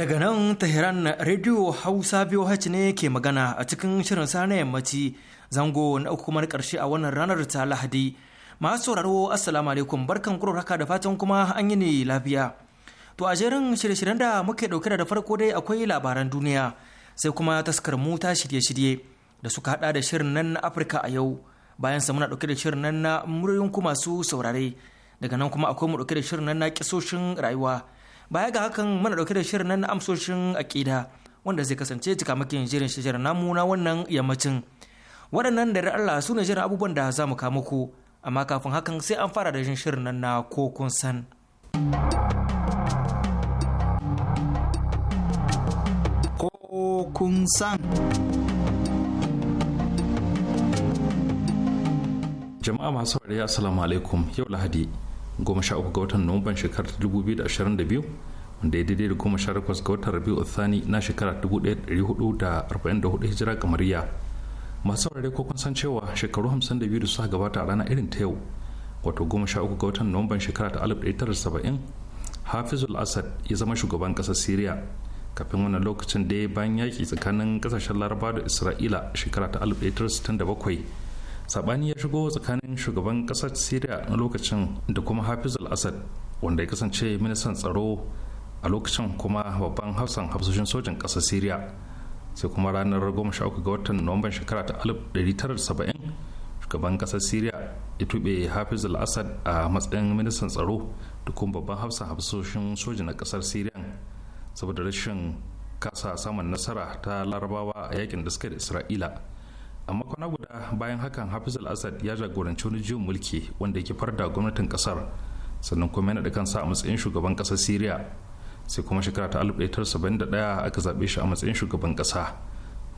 Daga nan Tehran Radio Hausa biyu VOH ne ke magana a cikin shirin sana yammaci zango na uku kuma na a wannan ranar ta Lahadi. Masu sauraro Assalamu alaikum barkan kuro haka da fatan kuma an yi ne lafiya. To a jerin shirye-shiryen da muke ɗauke da farko dai akwai labaran duniya sai kuma taskar mu shirye-shirye da suka hada da shirin nan na Afirka a yau bayan sa muna dauke da shirin nan na muryoyin ku masu saurare daga nan kuma akwai mu ɗauke da shirin nan na kisoshin rayuwa baya ga hakan mana dauke da shirin nan na amsoshin akida wanda zai kasance cikamakin yin shirin namu na wannan yammacin waɗannan da Allah su ne jiran abubuwan da za mu kama ku amma kafin hakan sai an fara da jin shirin nan na ko kun san. Ko kun san. Jama'a masu wariya Assalamu alaikum yau Lahadi goma sha uku ga watan nuwamban shekarar 2022 wanda ya daidai da 18 ga watan rabiu thani na da 1444 hijira kamariya masu saurare ko kun san cewa shekaru 52 da suka gabata a rana irin ta yau wato uku ga watan nuwamban shekara ta 1970 hafizul asad ya zama shugaban ƙasar syria kafin wannan lokacin da bayan yaƙi tsakanin ƙasashen laraba da isra'ila shekara ta 1967 sabani ya shigo tsakanin shugaban kasar syria na lokacin da kuma hafiz al-assad wanda ya kasance ministan tsaro a lokacin kuma babban hafsan hafsoshin sojin kasar syria sai kuma ranar 13 ga watan nuwamban shekara ta 1970 shugaban kasar syria ya tube hafiz al-assad a matsayin ministan tsaro da kuma babban hafsan hafsoshin sojin na kasar syria saboda rashin kasa saman nasara ta larabawa a yakin da suka da isra'ila amma kwana guda bayan hakan hafiz al ya jagoranci wani juyin mulki wanda ya farda da gwamnatin kasar sannan kuma yana da kansa a matsayin shugaban kasar syria sai kuma shekara ta 1971 aka zaɓe shi a matsayin shugaban kasa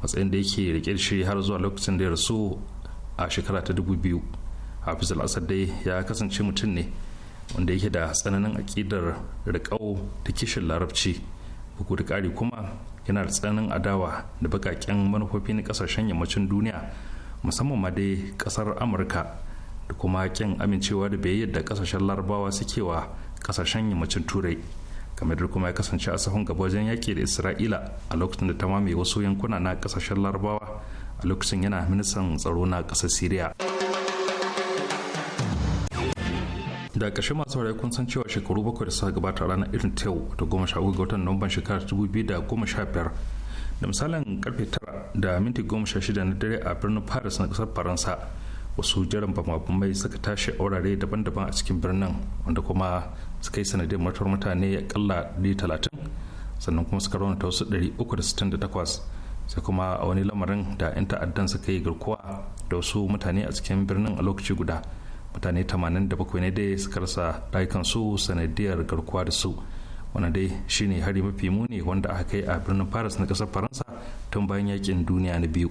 matsayin da yake rike shi har zuwa lokacin da ya rasu a shekara ta 2000 hafiz al dai ya kasance mutum ne wanda yake da tsananin aƙidar riƙau ta kishin larabci buku da ƙari kuma yana da tsananin adawa da bakaken manufofi na kasashen yammacin duniya musamman ma dai kasar amurka da kuma kyan amincewa da biyayyar da kasashen larabawa sukewa kasashen yammacin turai kamar da kuma ya kasance a sahun gaba wajen yaƙi da isra'ila a lokacin da ta mamaye wasu yankuna na kasashen larabawa a lokacin yana ministan tsaro na ƙasar syria da ƙarshe masu saurari kun san cewa shekaru bakwai da suka gabata ranar irin ta yau ta goma sha uku ga watan nuwamban shekarar dubu biyu da goma sha biyar da misalin karfe tara da minti goma sha shida na dare a birnin paris na ƙasar faransa wasu jiran bamabamai suka tashi a wurare daban-daban a cikin birnin wanda kuma suka yi sanadin mutuwar mutane kalla ɗari talatin sannan kuma suka raunata wasu ɗari uku da sittin da takwas sai kuma a wani lamarin da 'yan ta'addan suka yi garkuwa da wasu mutane a cikin birnin a lokaci guda mutane 87 ne dai suka rasa su sanadiyar garkuwa da su wani dai shine hari mafi muni wanda aka kai a birnin paris na kasar faransa tun bayan yakin duniya na biyu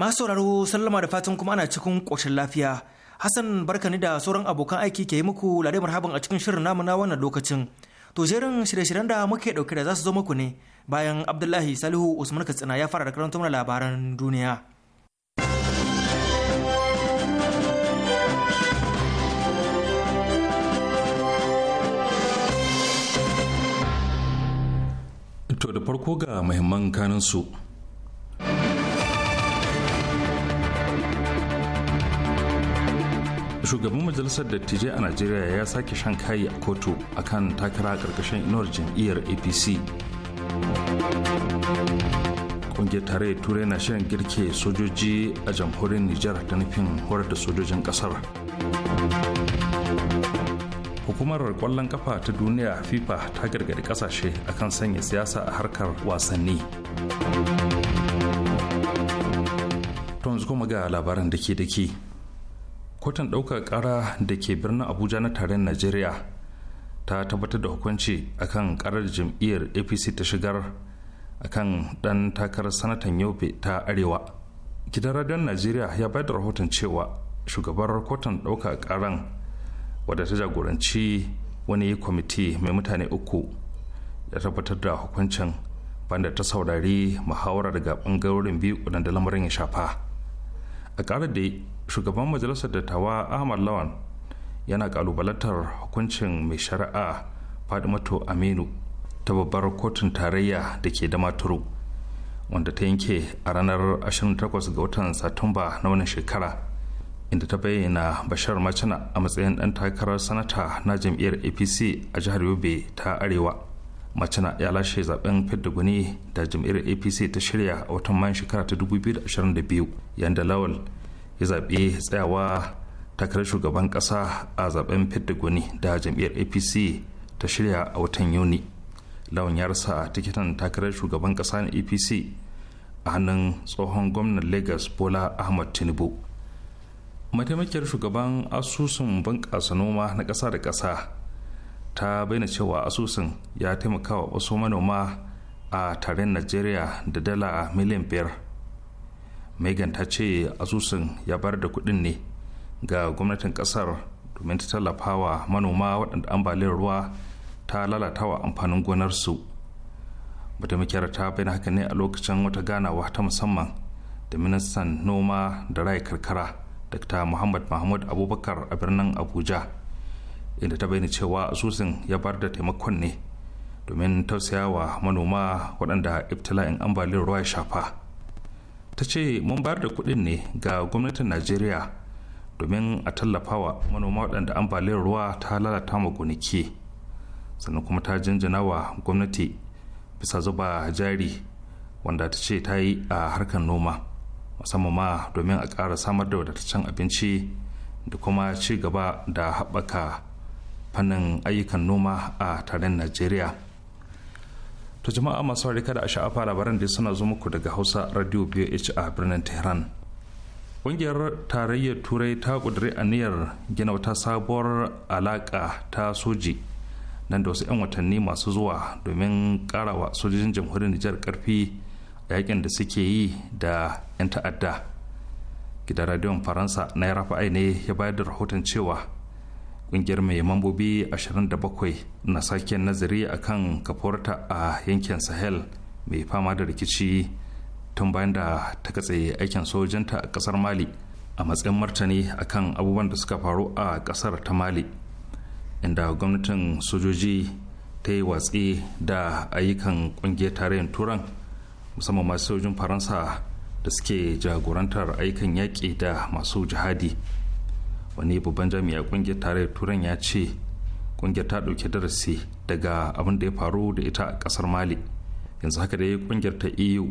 Masu sauraro sallama da fatan kuma ana cikin ƙoshin lafiya. Hassan barkani da sauran abokan aiki ke yi muku lare marhaban a cikin shirin namu na wannan lokacin. To jerin shirye-shiryen da muke ɗauke da za su zo muku ne bayan Abdullahi Salihu Usman Katsina ya fara da karanta mana labaran duniya. To da farko ga muhimman kanansu. shugaban majalisar dattijai a najeriya ya sake shan kayi a kotu akan takara karkashin inuwar jam'iyyar apc kungiyar tarayyar turai na shirin girke sojoji a jamhuriyar nijar da nufin horar da sojojin kasar hukumar kwallon kafa ta duniya fifa ta gargadi kasashe akan sanya siyasa a harkar wasanni yanzu kuma ga labaran dake-dake kotun ɗaukar ƙara da ke birnin abuja na tarayyar najeriya ta tabbatar da hukunci akan ƙarar jam'iyyar apc ta shigar akan ɗan takarar sanatan yobe ta arewa gidan radiyon najeriya ya bayar da rahoton cewa shugabar kotun ɗaukar ƙaran wadda ta jagoranci wani kwamiti mai mutane uku ya tabbatar da hukuncin banda ta saurari muhawara daga ɓangarorin biyu da lamarin ya shafa a ƙarar da shugaban majalisar dattawa ahmad lawan yana kalubalantar hukuncin mai shari'a fadimato aminu ta babbar kotun tarayya da ke damaturu wanda ta yanke a ranar 28 ga watan satumba na wannan shekara inda ta bayyana bashar macina a matsayin ɗan takarar sanata na jam'iyyar apc a jihar yobe ta arewa macina ya lashe zaben fidda guni da jam'iyyar apc ta shirya a watan mayan shekara ta 2022 yadda lawal ya zaɓi tsayawa takarar shugaban ƙasa a zaben goni da jam'iyyar apc ta shirya a watan yuni lawan ya rasa tikitan takarar shugaban ƙasa na apc a hannun tsohon gwamnan lagos bola ahmad tinubu mataimakiyar shugaban asusun bunƙasa noma na ƙasa da ƙasa ta bayyana cewa asusun ya taimaka wa wasu manoma a taron najeriya da dala miliyan biyar megan ta ce asusun ya bar da kuɗin ne ga gwamnatin ƙasar domin ta tallafa wa manoma waɗanda ambaliyar ruwa ta lalata wa amfanin gonarsu mataimakiyar ta bayyana haka ne a lokacin wata ganawa ta musamman da ministan noma da rai karkara dr muhammad mahmud abubakar a birnin abuja inda ta bayyana cewa asusun ya bar da taimakon ne domin tausayawa manoma waɗanda ibtila'in ambaliyar ruwa ya shafa ta ce mun bayar da kuɗin ne ga gwamnatin najeriya domin a tallafa wa manoma waɗanda ambaliyar ruwa ta lalata ma gonaki sannan kuma ta jinjina wa gwamnati bisa zuba jari wanda ta ce ta yi a harkar noma musamman ma domin a ƙara samar da wadataccen abinci da kuma ci gaba da haɓaka fannin ayyukan noma a tarin najeriya to jama'a masu harika da sha'afa labaran da suna zo muku daga hausa radio BH a birnin tehran ƙungiyar tarayyar turai ta ƙudiri aniyar gina wata sabuwar alaƙa ta soji nan da wasu 'yan watanni masu zuwa domin ƙarawa sojojin jamhuriyar nijar karfi a yakin da suke yi da 'yan ta'adda gidan radiyon faransa na ya rafa ne ya bayar da rahoton cewa kungiyar mai mambobi 27 na sake nazari a kan kafuwarta a yankin sahel mai fama da rikici tun bayan da ta katse aikin sojanta a kasar mali a matsayin martani a kan abubuwan da suka faru a kasar ta mali inda gwamnatin sojoji ta yi watsi da ayyukan kungiyar tarayyar turan musamman masu sojin faransa da suke jagorantar aikin yaƙi da masu jihadi wani babban jami'a kungiyar tarayyar turan ya ce kungiyar ta ɗauki darasi daga abin da ya faru da ita a ƙasar mali yanzu haka dai kungiyar ta eu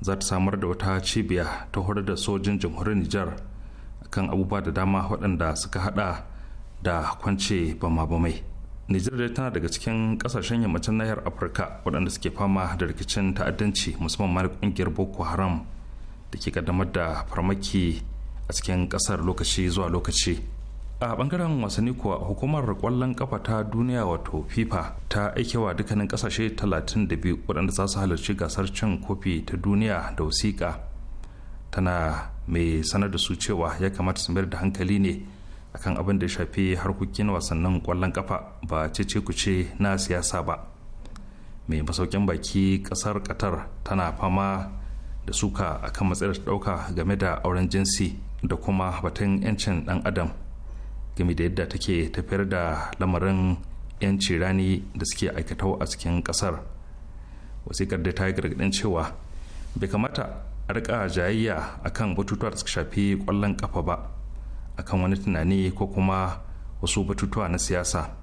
za ta samar da wata cibiya ta horar da sojin jamhuriyar nijar kan abubuwa da dama waɗanda suka hada da kwance bama-bamai nijar dai tana daga cikin ƙasashen yammacin nahiyar afirka waɗanda suke fama da rikicin ta'addanci musamman ma kungiyar boko haram da ke kaddamar da farmaki a cikin kasar lokaci zuwa lokaci a bangaren wasanni kuwa hukumar kwallon kafa ta duniya wato fifa ta aikewa dukkanin kasashe 32 waɗanda za su halarci gasar cin kofi ta duniya da wasiƙa tana mai sanar da su cewa ya kamata su mayar da hankali ne akan abin da ya shafi harkokin wasannin kwallon kafa ba ce cece ce na siyasa ba mai masaukin baki kasar qatar tana fama da suka akan matsayar ɗauka game da auren jinsi da kuma batun 'yancin dan adam game da yadda take tafiyar da lamarin 'yanci rani da suke aikata a cikin kasar wasikar da ta yi gargadin cewa bai kamata a rika jayayya akan batutuwa da suka shafi ƙwallon ƙafa ba akan wani tunani ko kuma wasu batutuwa na siyasa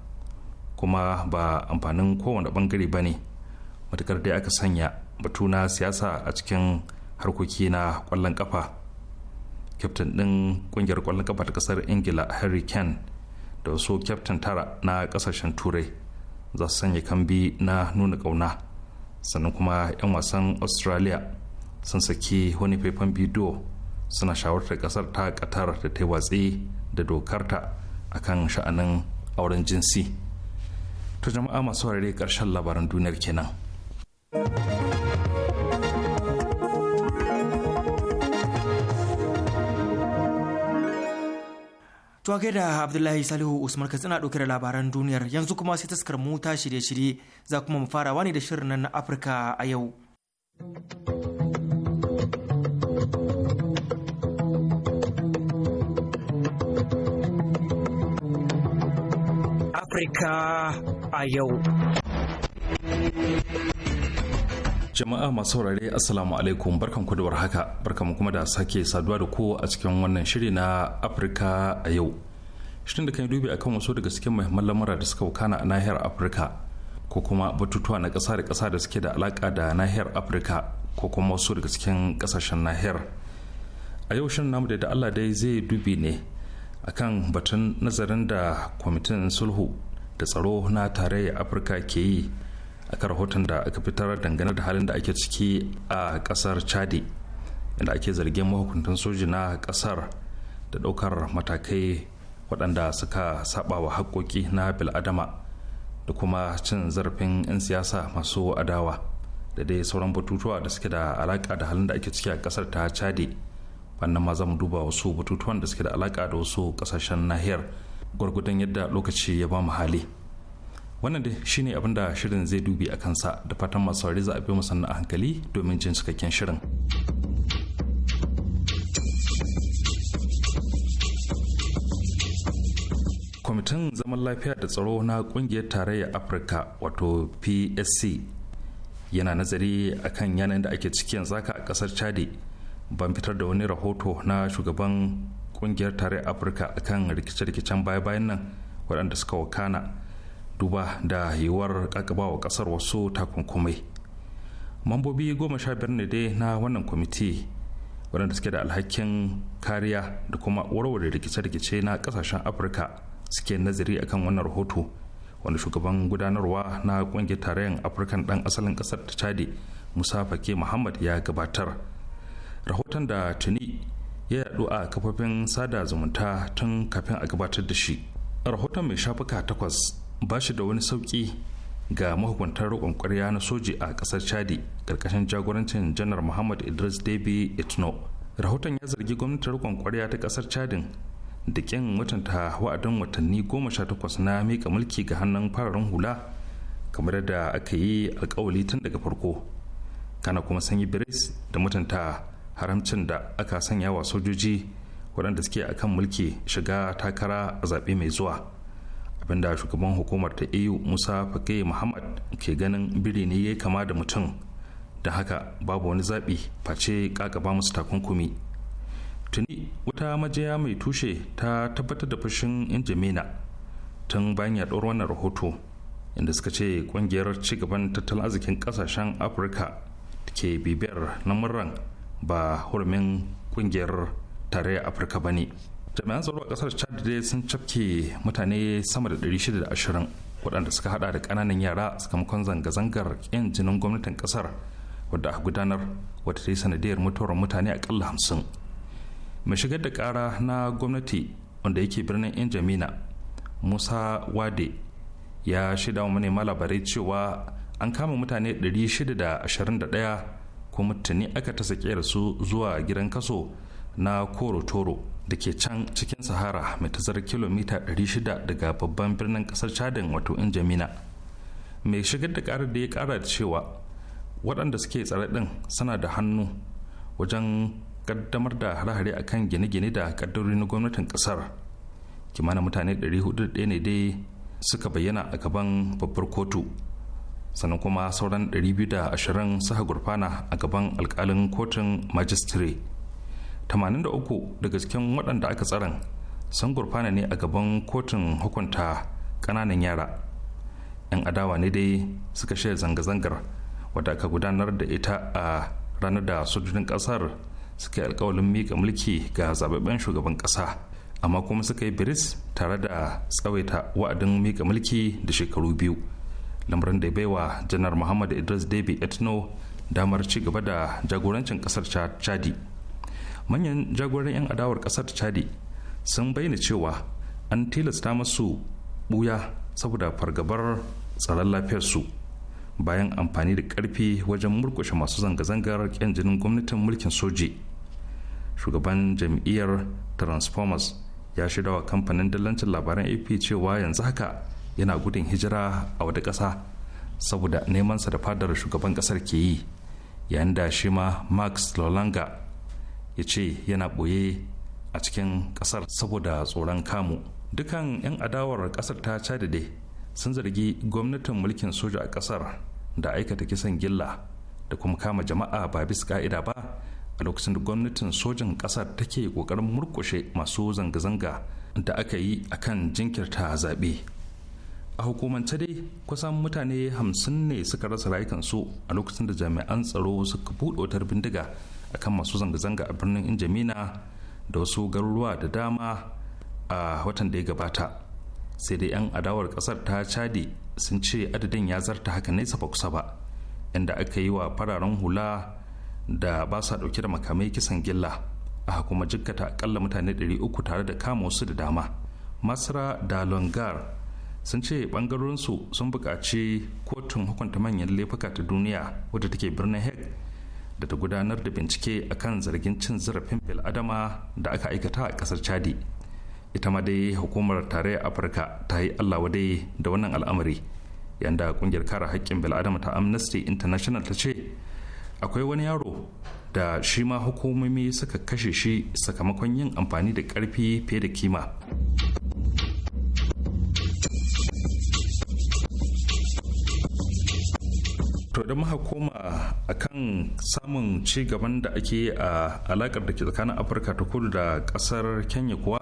kuma ba amfanin kowane bangare ba ne matukar dai aka sanya batu na siyasa a cikin harkoki na ƙwallon ƙafa kyaftin ɗin ƙungiyar ƙwallon kafa ta ƙasar ingila harry kane da wasu kyaftin tara na ƙasashen turai za su sanya kambi na nuna ƙauna sannan kuma 'yan wasan australia sun saki wani faifan bidiyo suna shawartar ƙasar ta ƙatar da ta watsi da dokarta akan sha'anin auren jinsi to jama'a masu rarre ƙarshen labaran duniyar kenan. To kai da Abdullahi Salihu Usman Katsina ɗauke da labaran duniyar yanzu kuma sai taskar mu ta shirye-shirye za kuma mu wa ne da shirin nan na Afirka a yau. Afirka a yau. jama'a masu saurare assalamu alaikum barkan ku da warhaka barkan kuma da sake saduwa da ku a cikin wannan shiri na afirka a yau shirin da kan yi dubi akan wasu daga cikin muhimman lamura da suka wakana a nahiyar afirka ko kuma batutuwa na kasa da kasa da suke da alaka da nahiyar afirka ko kuma wasu daga cikin kasashen nahiyar a yau shirin namu da allah dai zai dubi ne akan batun nazarin da kwamitin sulhu da tsaro na tarayyar afirka ke yi aka rahoton da aka fitar dangane da halin da ake ciki a kasar chadi inda ake zargin mahukuntan soji na kasar da daukar matakai waɗanda suka saba wa haƙoƙi na bil'adama da kuma cin zarafin 'yan siyasa masu adawa da dai sauran batutuwa da suke da alaƙa da halin da ake ciki a kasar ta chadi wannan ma za mu duba wasu batutuwan da suke da alaƙa da wasu ƙasashen nahiyar gwargwadon yadda lokaci ya ba mu hali. wannan da shine abin da shirin zai dubi a kansa da fatan masu saurari za a bi musanna a hankali domin jin cikakken shirin kwamitin zaman lafiya da tsaro na kungiyar tarayyar afirka wato psc yana nazari a kan yanayin da ake ciki yanzu a kasar chadi ban fitar da wani rahoto na shugaban kungiyar tarayyar afirka akan rikice-rikicen baya-bayan nan waɗanda suka wakana duba da yiwuwar wa kasar wasu takunkumai mambobi goma sha biyar ne dai na wannan kwamiti waɗanda suke da alhakin kariya da kuma warware rikice-rikice na kasashen afirka suke nazari akan wannan rahoto wanda shugaban gudanarwa na ƙungiyar tarayyar afirkan ɗan asalin ƙasar ta chadi musa fake muhammad ya gabatar rahoton da tuni ya yaɗu a kafofin sada zumunta tun kafin a gabatar da shi rahoton mai shafuka takwas ba shi da wani sauƙi ga mahukuntar roƙon ƙwarya na soji a ƙasar chadi ƙarƙashin jagorancin janar muhammad idris debi etno rahoton ya zargi gwamnatin roƙon ƙwarya ta ƙasar chadin da ƙin mutunta wa'adin watanni goma sha takwas na miƙa mulki ga hannun fararen hula kamar da aka yi alkawali tun daga farko kana kuma sanyi biris da mutunta haramcin da aka sanya wa sojoji waɗanda suke akan mulki shiga takara a zaɓe mai zuwa abinda shugaban hukumar ta eu musa fake muhammad ke ganin biri ne ya kama da mutum da haka babu wani zaɓi face ƙaƙaba musu takunkumi tuni wata majiya mai tushe ta tabbatar da fushin injimina tun bayan ya yaɗuwar wannan rahoto inda suka ce ƙungiyar gaban tattalin arzikin ƙasashen afirka ke bibiyar namuran ba hurumin ƙungiyar tarayyar afirka ba ne jami'an tsaro a kasar chad dai sun cafke mutane sama da 620 waɗanda suka hada da ƙananan yara sakamakon zanga-zangar yan jinin gwamnatin kasar wadda aka gudanar wata ta yi sanadiyar mutuwar mutane aƙalla hamsin mai shigar da ƙara na gwamnati wanda yake birnin yan jamina musa wade ya shaida wa manema labarai cewa an kama mutane 621 kuma tuni aka tasa da su zuwa gidan kaso na koro toro da ke can cikin sahara mai tazarar kilomita 600 daga babban birnin kasar chadin wato injamina mai shigar da karar da ya kara da cewa waɗanda suke tsare ɗin suna da hannu wajen kaddamar da hare-hare a kan gine-gine da kaddarori na gwamnatin kasar kimanin mutane 401 ne dai suka bayyana a gaban babbar kotu sannan kuma sauran 220 suka gurfana a gaban alkalin kotun majistire. 83 daga cikin waɗanda aka tsaron sun gurfana ne a gaban kotun hukunta ƙananan yara 'yan adawa ne dai suka shirya zanga-zangar wadda aka gudanar da ita a ranar da sojojin ƙasar suka yi alkawalin miƙa mulki ga zababben shugaban ƙasa amma kuma suka yi biris tare da tsawaita wa'adin mika mulki da shekaru biyu lamarin da baiwa janar muhammad idris debi etno damar ci gaba da jagorancin ƙasar chadi manyan jagoran 'yan adawar kasar chadi sun bayyana cewa an tilasta masu buya saboda fargabar tsaron su bayan amfani da karfi wajen murkushe masu zanga-zangar kyan jinin gwamnatin mulkin soji shugaban jam'iyyar transformers ya shaida wa kamfanin dalancin labaran ap cewa yanzu haka yana gudun hijira a wata ƙasa saboda nemansa da fadar shugaban ƙasar ke yi yayin da shi ma max lolanga ya ce yana ɓoye a cikin ƙasar saboda tsoron kamu dukan 'yan adawar ƙasar ta chad da sun zargi gwamnatin mulkin soja a ƙasar da aikata kisan gilla da kuma kama jama'a ba bisa ka'ida ba a lokacin da gwamnatin sojan ƙasar take ƙoƙarin murƙushe masu zanga-zanga da aka yi akan jinkirta zaɓe a hukumance dai kusan mutane hamsin ne suka rasa rayukansu a lokacin da jami'an tsaro suka buɗe wutar bindiga akan masu zanga-zanga a birnin injamina da wasu garuruwa da dama a watan da ya gabata sai dai 'yan adawar kasar ta chadi sun ce adadin ya zarta haka nesa ba kusa ba inda aka yi wa fararen hula da ba sa dauke da makamai kisan gilla aka kuma jikkata akalla mutane 300 tare da kama wasu da dama masra da longar sun ce bangarorinsu sun buƙaci kotun hukunta manyan laifuka ta duniya wadda take birnin hague da ta gudanar da bincike a kan zargin cin zarafin bil-adama da aka aikata a kasar chadi ita ma dai hukumar tarayyar afirka ta yi allah wadai da wannan al'amari yanda kungiyar kare haƙƙin bil'adama ta amnesty international ta ce akwai wani yaro da shi ma hukumomi suka kashe shi sakamakon yin amfani da ƙarfi fiye da kima to da muka koma kan samun ci gaban da ake a alakar da ke tsakanin afirka ta kudu da kasar kenya kuwa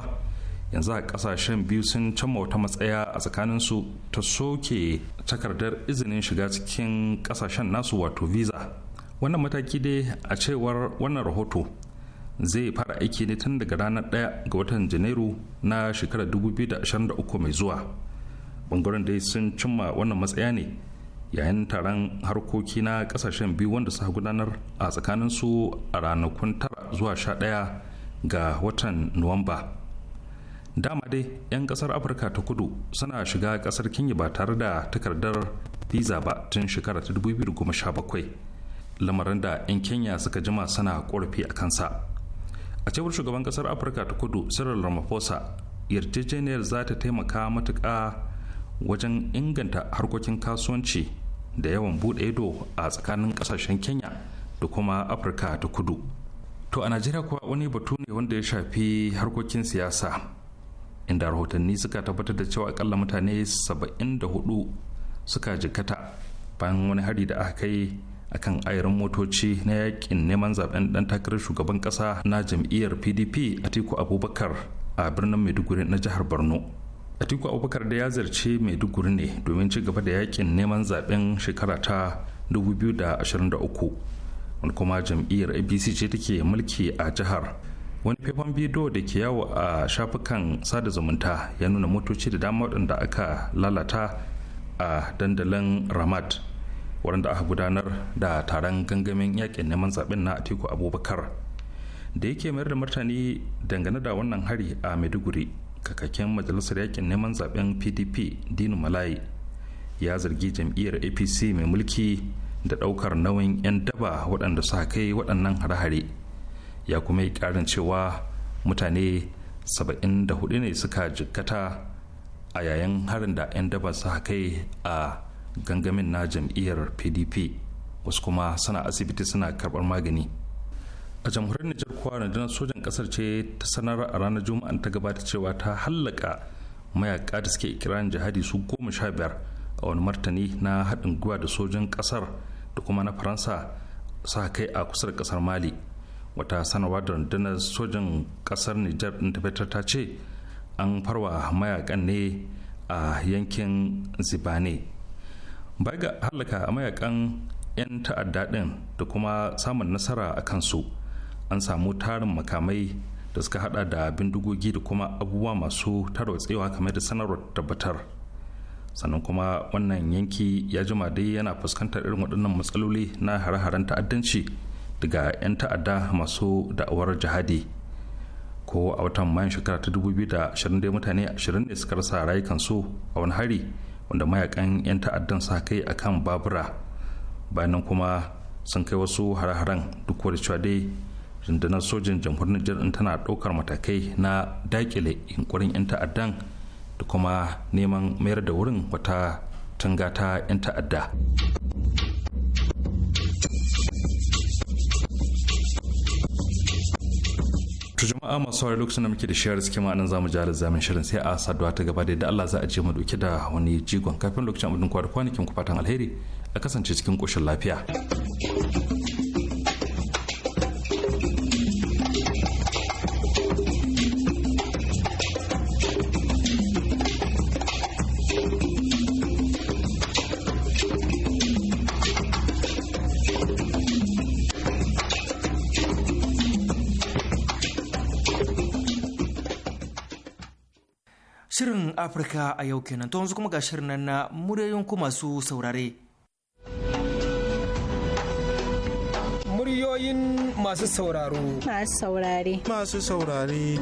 yanzu a kasashen biyu sun cimma wata matsaya a tsakaninsu ta soke takardar izinin shiga cikin kasashen nasu wato visa wannan mataki dai a cewar wannan rahoto zai fara aiki ne tun daga ranar 1 ga watan janairu na shekarar 2023 mai zuwa bangaren dai sun cimma wannan matsaya ne yayin taron harkoki na kasashen biyu wanda suka gudanar a tsakanin su a ranakun tara zuwa sha ɗaya ga watan nuwamba dama dai 'yan kasar afirka ta kudu suna shiga kasar kenya ba tare da takardar visa ba tun shekara ta 2017 lamarin da 'yan kenya suka jima suna korafi a kansa a cewar shugaban kasar afirka ta kudu cyril ramaphosa yarjejeniyar za ta taimaka matuƙa wajen inganta harkokin kasuwanci da yawan buɗe ido a tsakanin ƙasashen kenya da kuma afirka ta kudu to a najeriya kuwa wani batu ne wanda ya shafi harkokin siyasa inda rahotanni suka tabbatar da cewa akalla mutane 74 suka jikata bayan wani hari da aka kai akan ayarin motoci na yakin neman zaben dan takarar shugaban kasa na jam'iyyar pdp a teku abubakar a birnin maiduguri na jihar borno atiku abubakar da ya zarce maiduguri ne domin ci gaba da yakin neman zaben shekara ta 2023 wani kuma jam'iyyar abc ce take mulki a jihar wani faifan bidiyo da ke yawo a shafukan sada zumunta ya nuna motoci da dama waɗanda aka lalata a dandalin ramat waɗanda aka gudanar da taron gangamin yakin neman zaben na atiku abubakar da yake mayar da martani dangane da wannan hari a maiduguri kakakken majalisar yakin neman zaben pdp dinu malayi ya zargi jam'iyyar apc mai mulki da ɗaukar nauyin 'yan daba waɗanda suka kai waɗannan hare-hare ya kuma yi ƙarin cewa mutane 74 ne suka jikkata a yayin harin da 'yan daba suka kai a gangamin na jam'iyyar pdp wasu kuma suna asibiti suna karɓar magani a jamhuriyar nijar kuwa rundunar sojan kasar ce ta sanar a ranar juma'an ta gabata cewa ta hallaka mayaka da suke ikirarin jihadi su goma sha biyar a wani martani na haɗin gwiwa da sojan kasar da kuma na faransa sa kai a kusa da kasar mali wata sanarwa da rundunar sojan kasar nijar ɗin tabbatar ta ce an farwa mayakan ne a yankin zibane bai ga a mayakan 'yan ta'adda ɗin da kuma samun nasara a kansu an samu tarin makamai da suka hada da bindigogi da kuma abubuwa masu tarwatsewa kamar da sanarwar tabbatar sannan kuma wannan yanki ya jima dai yana fuskantar irin waɗannan matsaloli na hare-haren ta'addanci daga 'yan ta'adda masu da'awar jihadi ko a watan mayan shekara ta 2020 dai mutane 20 ne suka rasa rayukansu a wani hari wanda mayakan 'yan ta'addan sa kai akan babura bayanan kuma sun kai wasu hare-haren duk wadda cewa dai rundunar sojin jamhuriyar nijar tana ɗaukar matakai na dakile yunkurin 'yan ta'addan da kuma neman mayar da wurin wata tunga ta 'yan ta'adda To jama'a masu saurari lokacin da muke da shiyar suke ma nan zamu jara zamin shirin sai a saduwa ta gaba da yadda Allah za a je mu dauke da wani jigon kafin lokacin abin kwa da kwanakin ku fatan alheri a kasance cikin koshin lafiya. Afirka a yau kenan to yanzu kuma ga shirin nan na muryoyin ku masu saurare. Muryoyin masu sauraro. Masu saurare. Masu saurare.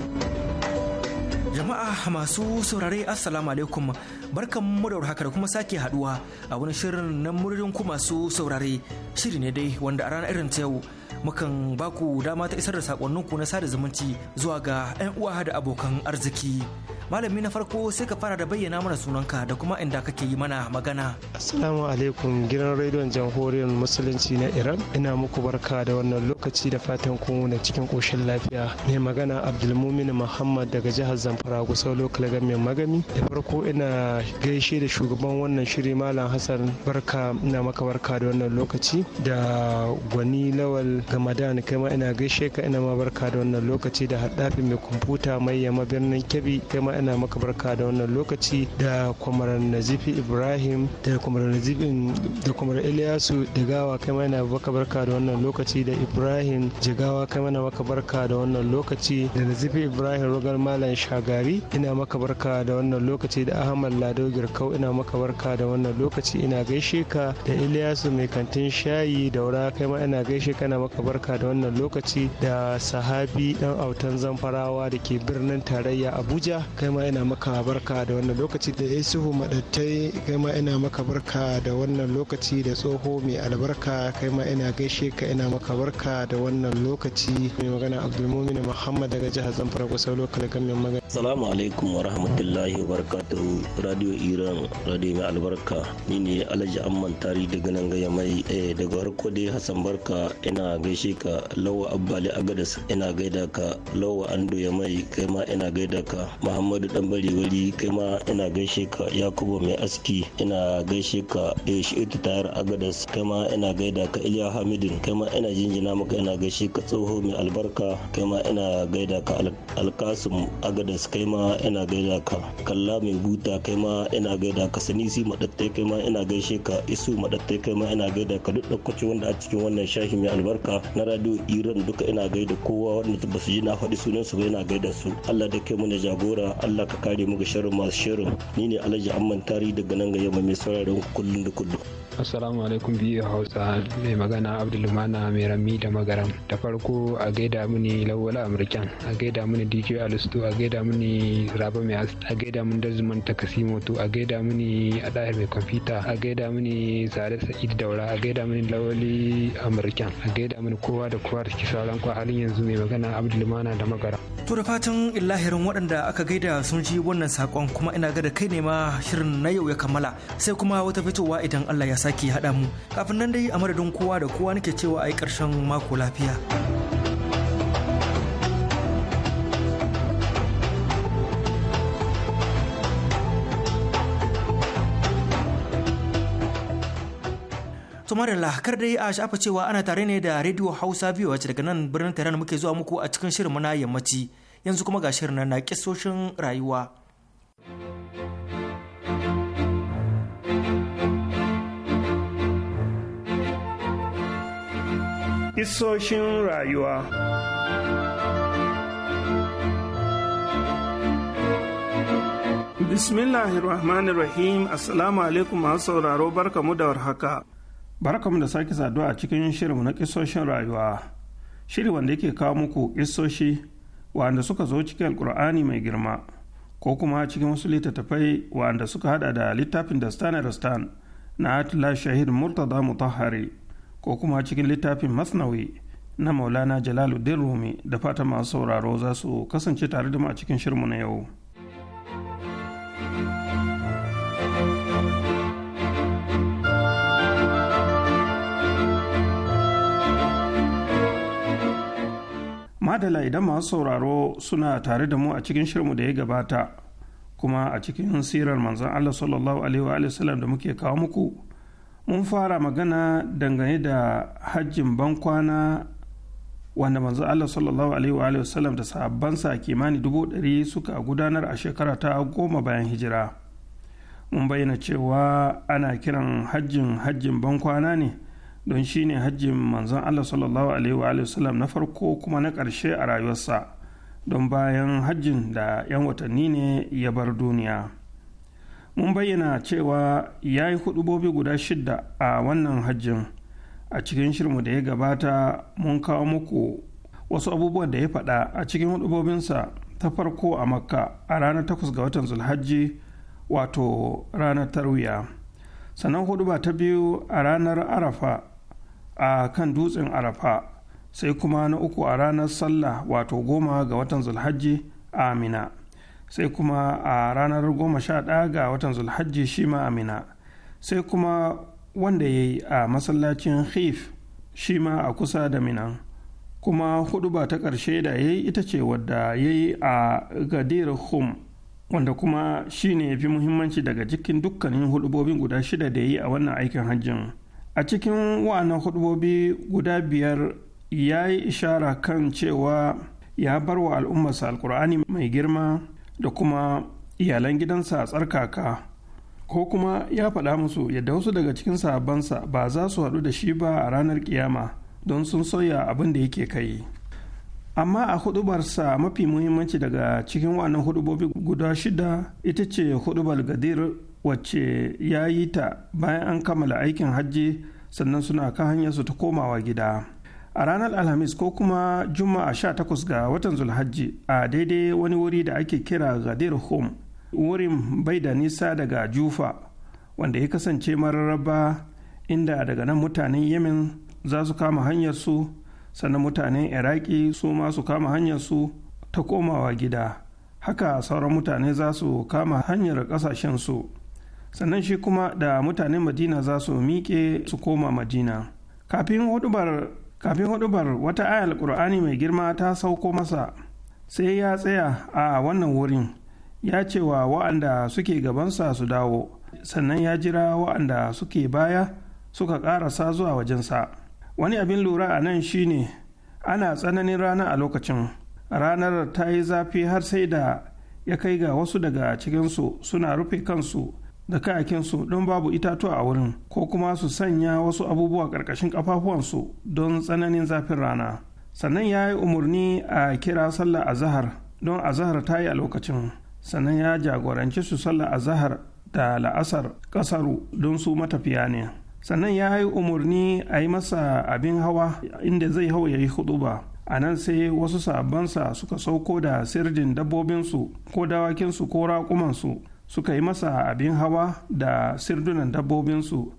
Jama'a masu saurare Assalamu alaikum barkan mu da haka da kuma sake haduwa a wani shirin na muryoyin ku masu saurare shiri ne dai wanda a ranar irin yau mukan baku dama ta isar da sakonninku na sada zumunci zuwa ga 'yan uwa da abokan arziki. malami na farko sai ka fara da bayyana mana sunanka da kuma inda kake yi mana magana assalamu alaikum gidan rediyon jamhuriyar musulunci na iran ina muku barka da wannan lokaci da fatan kun na cikin koshin lafiya mai magana abdulmumin muhammad daga jihar zamfara gusau lokal gamin magami da farko ina gaishe da shugaban wannan shiri malam hassan barka ina maka barka da wannan lokaci da gwani lawal gamadan kai ma ina gaishe ka ina ma barka da wannan lokaci da haddafi mai kwamfuta mai yamma birnin kebbi kai ma ina maka barka da wannan lokaci da kwamarar nazifi ibrahim da kwamarar nazifin da kwamarar iliyasu gawa kai mana maka barka da wannan lokaci da ibrahim jigawa kai mana maka barka da wannan lokaci da nazifi ibrahim Rogal malam shagari ina maka barka da wannan lokaci da ahmad lado girkau ina maka barka da wannan lokaci ina gaishe ka da iliyasu mai kantin shayi da wura kai ma ina gaishe ka na maka barka da wannan lokaci da sahabi dan autan zamfarawa da ke birnin tarayya abuja kai ma ina maka barka da wannan lokaci da suhu madattai kai ma ina maka barka da wannan lokaci da tsoho mai albarka kai ma ina gaishe ka ina maka barka da wannan lokaci mai magana Abdulmumin Muhammad daga jihar Zamfara kusa lokal gamin magana. Assalamu alaikum wa rahmatullahi wa barakatuhu Radio Iran Radio mai albarka ni ne Alhaji Amman Tari daga nan gaya mai eh, daga harko dai Hassan Barka ina gaishe ka Lawa Abbali Agadas ina gaida ka Lawa Ando ya mai kai ma ina gaida ka Muhammadu dan bari kai ma ina gaishe ka Yakubu mai aski ina gaishe ka eh, Shi'itu Tayar Agadas kai ma ina gaida ka Iliya Hamidin kai ma ina jinjina maka ina gaishe ka tsoho mai albarka kai ma ina gaida ka alkasum Agadas kai ma ina gaida ka Kalla mai buta kai ma ina gaida ka Sanisi Madattai kai ma ina gaishe ka Isu Madattai kai ma ina gaida ka duk ɗaukaci wanda a cikin wannan shahi mai albarka na radio Iran duka ina gaida kowa wanda ba su ji na faɗi sunan su ba ina gaida su Allah da kai mu na jagora Allah ka kare mu ga masu shirin ni ne Alhaji Amman Tari daga nan ga yamma mai sauraron kullum da kullum Assalamu alaikum biyu Hausa mai magana Abdulmana mai rami da magaram. Da farko a gaida mini lawala Amurkan, a gaida mini DJ Alistu, a gaida mini Raba mai As, a gaida mini Dazman Takasimoto, a gaida mini Adahir mai kwamfuta, a gaida mini Sare Sa'id Daura, a gaida mini Lawali Amurkan, a gaida mini kowa da kowa da ke sauran kwa halin yanzu mai magana Abdulmana da magaram. To da fatan illahirin waɗanda aka gaida sun ji wannan saƙon kuma ina ga da kai ne ma shirin na yau ya kammala sai kuma wata fitowa idan Allah ya sake haɗa mu kafin nan dai a madadin kowa da kowa nake cewa a yi ƙarshen mako lafiya. Tumarilla kar dai a shafa cewa ana tare ne da Radio Hausa biyu wacce daga nan birnin Tehran muke zuwa muku a cikin shirin na yammaci yanzu kuma ga shirin na kisoshin rayuwa. isoshin rayuwa. Bismillahirrahmanirrahim Assalamu alaikum masu sauraro barkamu da warhaka. Barkamu da sake saduwa a cikin shirinmu na kisoshin rayuwa. Shiri wanda yake kawo muku isoshi, wanda suka zo cikin alkur'ani mai girma ko kuma cikin wasu littattafai wanda suka hada da littafin da stan na Atila Shahid Murtada Mutahari. ko kuma cikin littafin masnawi na maulana jalaluddin rumi da fata masu sauraro za su kasance tare da mu a cikin shirmu na yau madala idan masu sauraro suna tare da mu a cikin shirmu da ya gabata kuma a cikin sirar manzon allah sallallahu alaihi wa da muke kawo muku mun fara magana dangane da hajjin bankwana wanda manzo Allah sallallahu alaihi wa sallam da sahabbansa kimanin dubu ɗari suka gudanar a shekara ta goma bayan hijira mun bayyana cewa ana kiran hajjin hajjin bankwana ne don shine hajjin manzon Allah sallallahu alaihi wa sallam na farko kuma na ƙarshe a rayuwarsa don bayan hajjin da 'yan watanni ne ya bar duniya. mun bayyana cewa ya yi bobi guda shidda a wannan hajjin a cikin shirmu da ya gabata mun kawo muku wasu abubuwan da ya faɗa a cikin hudubobinsa ta farko a makka a ranar takwas ga watan zulhajji wato ranar tarwiya sannan huduba ta biyu a ranar arafa a kan dutsen arafa sai kuma na uku a ranar sallah wato goma ga watan zulhajji amina sai kuma a ranar goma sha ɗaya ga watan zulhajji shi ma amina sai kuma wanda ya yi a masallacin hif shi ma a kusa da minan kuma hudu ba ta ƙarshe da ya yi ita ce wadda ya yi a gadir hum wanda kuma shi ne ya fi muhimmanci daga cikin dukkanin hudubobin guda shida da ya yi a wannan aikin hajjin a cikin wa'annan hudubobi guda biyar ya yi ishara kan cewa ya bar wa al'ummarsa alkur'ani mai girma da kuma iyalan gidansa a tsarkaka ko kuma ya faɗa musu yadda wasu daga cikin sabansa ba za su haɗu da shi ba a ranar kiyama don sun sauya abin da yake kai amma a hudubarsa mafi muhimmanci daga cikin wannan hudubobi guda shida ita ce hudubar gadir wacce ya yi ta bayan an kammala aikin hajji sannan suna kan hanyarsu ta komawa gida. a ranar alhamis ko kuma juma'a sha takwas ga watan zulhajji a daidai wani wuri da ake kira gadir home wurin bai da nisa daga jufa wanda ya kasance mararraba inda daga nan mutanen yemen za su kama hanyarsu sannan mutanen iraki su ma su kama hanyarsu ta komawa gida haka sauran mutane za su kama hanyar kasashensu sannan shi kuma da mutanen madina za su miƙe su koma madina kafin hudubar kafin hudubar wata ayar qur'ani mai girma ta sauko masa sai ya tsaya a wannan wurin ya ce wa wa'anda suke gabansa su dawo sannan ya jira wa'anda suke baya suka ƙarasa zuwa wajensa wani abin lura a nan shine ana tsananin rana a lokacin ranar ta yi zafi har sai da ya kai ga wasu daga cikinsu suna rufe kansu da kayakinsu don babu itatuwa a wurin ko kuma su sanya wasu abubuwa ƙarƙashin ƙafafuwansu don tsananin zafin rana sannan ya yi umarni a kira sallah azahar don azahar ta yi a lokacin sannan ya jagoranci su sallah azahar da la'asar ƙasaru don su matafiya ne sannan ya yi umarni a yi masa abin hawa inda zai hau ya yi ba. a nan sai wasu sabansa suka sauko da sirdin dabbobinsu ko dawakinsu ko raƙumansu suka yi masa abin hawa da sirdunan dabbobinsu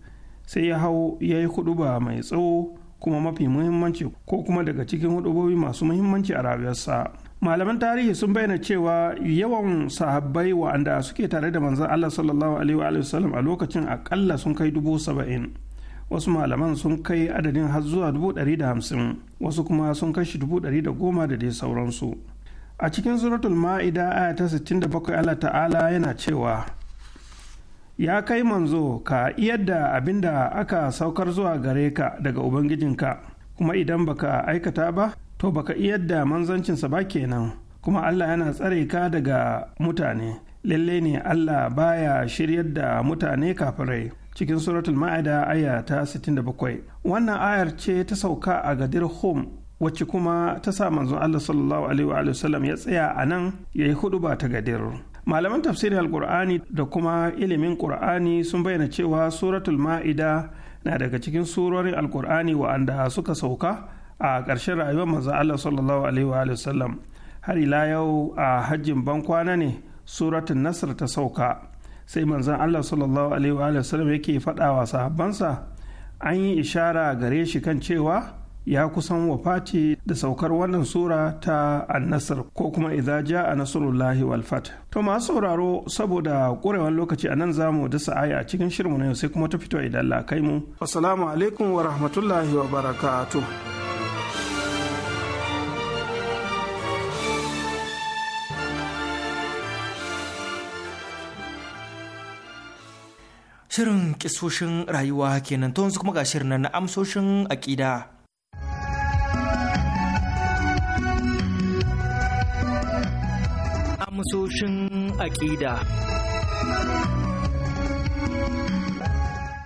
sai ya hau ya yi huduba mai tsawo kuma mafi muhimmanci ko kuma daga cikin hudubobi masu muhimmanci a rayuwarsa malaman tarihi sun bayyana cewa yawan sahabbai wa'anda suke tare da manzan allah sallallahu alaihi wa sallam a lokacin akalla sun kai dubu saba'in wasu malaman sun kai adadin har zuwa dubu ɗari da hamsin wasu kuma sun kashi dubu ɗari da goma da dai sauransu a cikin suratul ma'ida aya ta 67 Allah ta'ala yana cewa ya kai manzo ka yadda abin da aka saukar zuwa gare ka daga ubangijinka kuma idan baka aikata ba to baka yadda manzancinsa ba kenan kuma Allah yana tsare ka daga mutane lalle ne Allah baya shiryar da mutane kafirai cikin suratul ma'ida aya ta 67 wannan ayar ce ta sauka a gadir home wacce kuma ta sa manzon Allah sallallahu alaihi wa sallam ya tsaya a nan ya yi ba ta gadir. Malaman tafsirin Alƙur'ani da kuma ilimin Ƙur'ani sun bayyana cewa suratul Ma'ida na daga cikin surorin Alƙur'ani wa'anda suka sauka a ƙarshen rayuwar manzon Allah sallallahu alaihi wa sallam. Har ila yau a hajjin ban kwana ne suratul Nasr ta sauka. Sai manzon Allah sallallahu alaihi wa sallam yake faɗawa sahabbansa an yi ishara gare shi kan cewa ya kusan wafati da saukar wannan sura ta annasar ko kuma idza jaa nasrullahi wal fath to ma sauraro saboda ƙurewan lokaci anan zamu da sa'ayi a cikin shirmu na yau sai kuma ta fito idan Allah kai mu assalamu alaikum wa rahmatullahi wa barakatuh Shirin kisoshin rayuwa kenan to yanzu kuma ga shirin na amsoshin aƙida. amsoshin aƙida.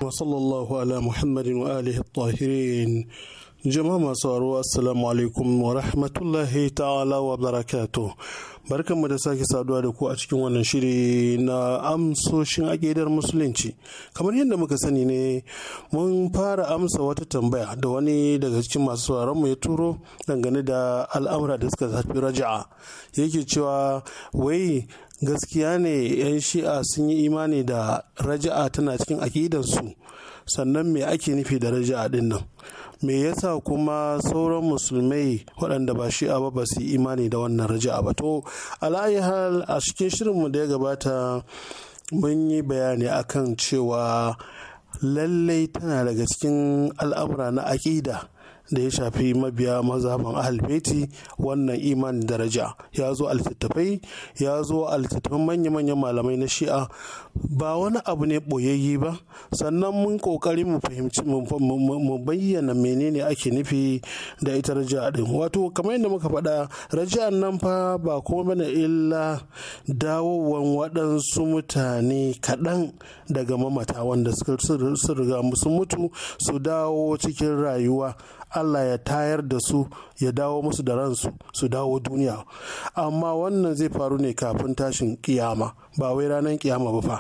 وصلى الله على محمد وآله الطاهرين جماعة صاروا السلام عليكم ورحمة الله تعالى وبركاته barkanmu da sake saduwa da ku a cikin wannan shiri na amsoshin aƙidar musulunci kamar yadda muka sani ne mun fara amsa wata tambaya da wani daga cikin masu mu ya turo dangane da al'amura da suka zafi raja'a yake cewa wai gaskiya ne 'yan shi'a sun yi imani da raja'a tana cikin aƙidansu sannan me ake nufi da raja'a din me yasa kuma sauran musulmai waɗanda ba shi'a ba ba su imani da wannan raja'a ba to hal a cikin shirinmu da ya gabata mun yi bayani akan cewa lallai tana daga cikin al'amura na aƙida da ya shafi mabiya mazhaban ahalbeti wannan imanin daraja ya zo altattafai ya zo altattafan manya-manyan malamai na shi'a ba wani abu ne boyayyi ba sannan mun kokari mu fahimci mu bayyana menene ake nufi da ita raja din wato kamar yadda muka faɗa raja nan fa ba kuma bane illa dawowan waɗansu mutane kaɗan daga mamata wanda su riga musu mutu su dawo cikin rayuwa Allah ya tayar da su ya dawo musu da ransu su dawo duniya amma wannan zai faru ne kafin tashin kiyama ba wai ranar kiyama ba fa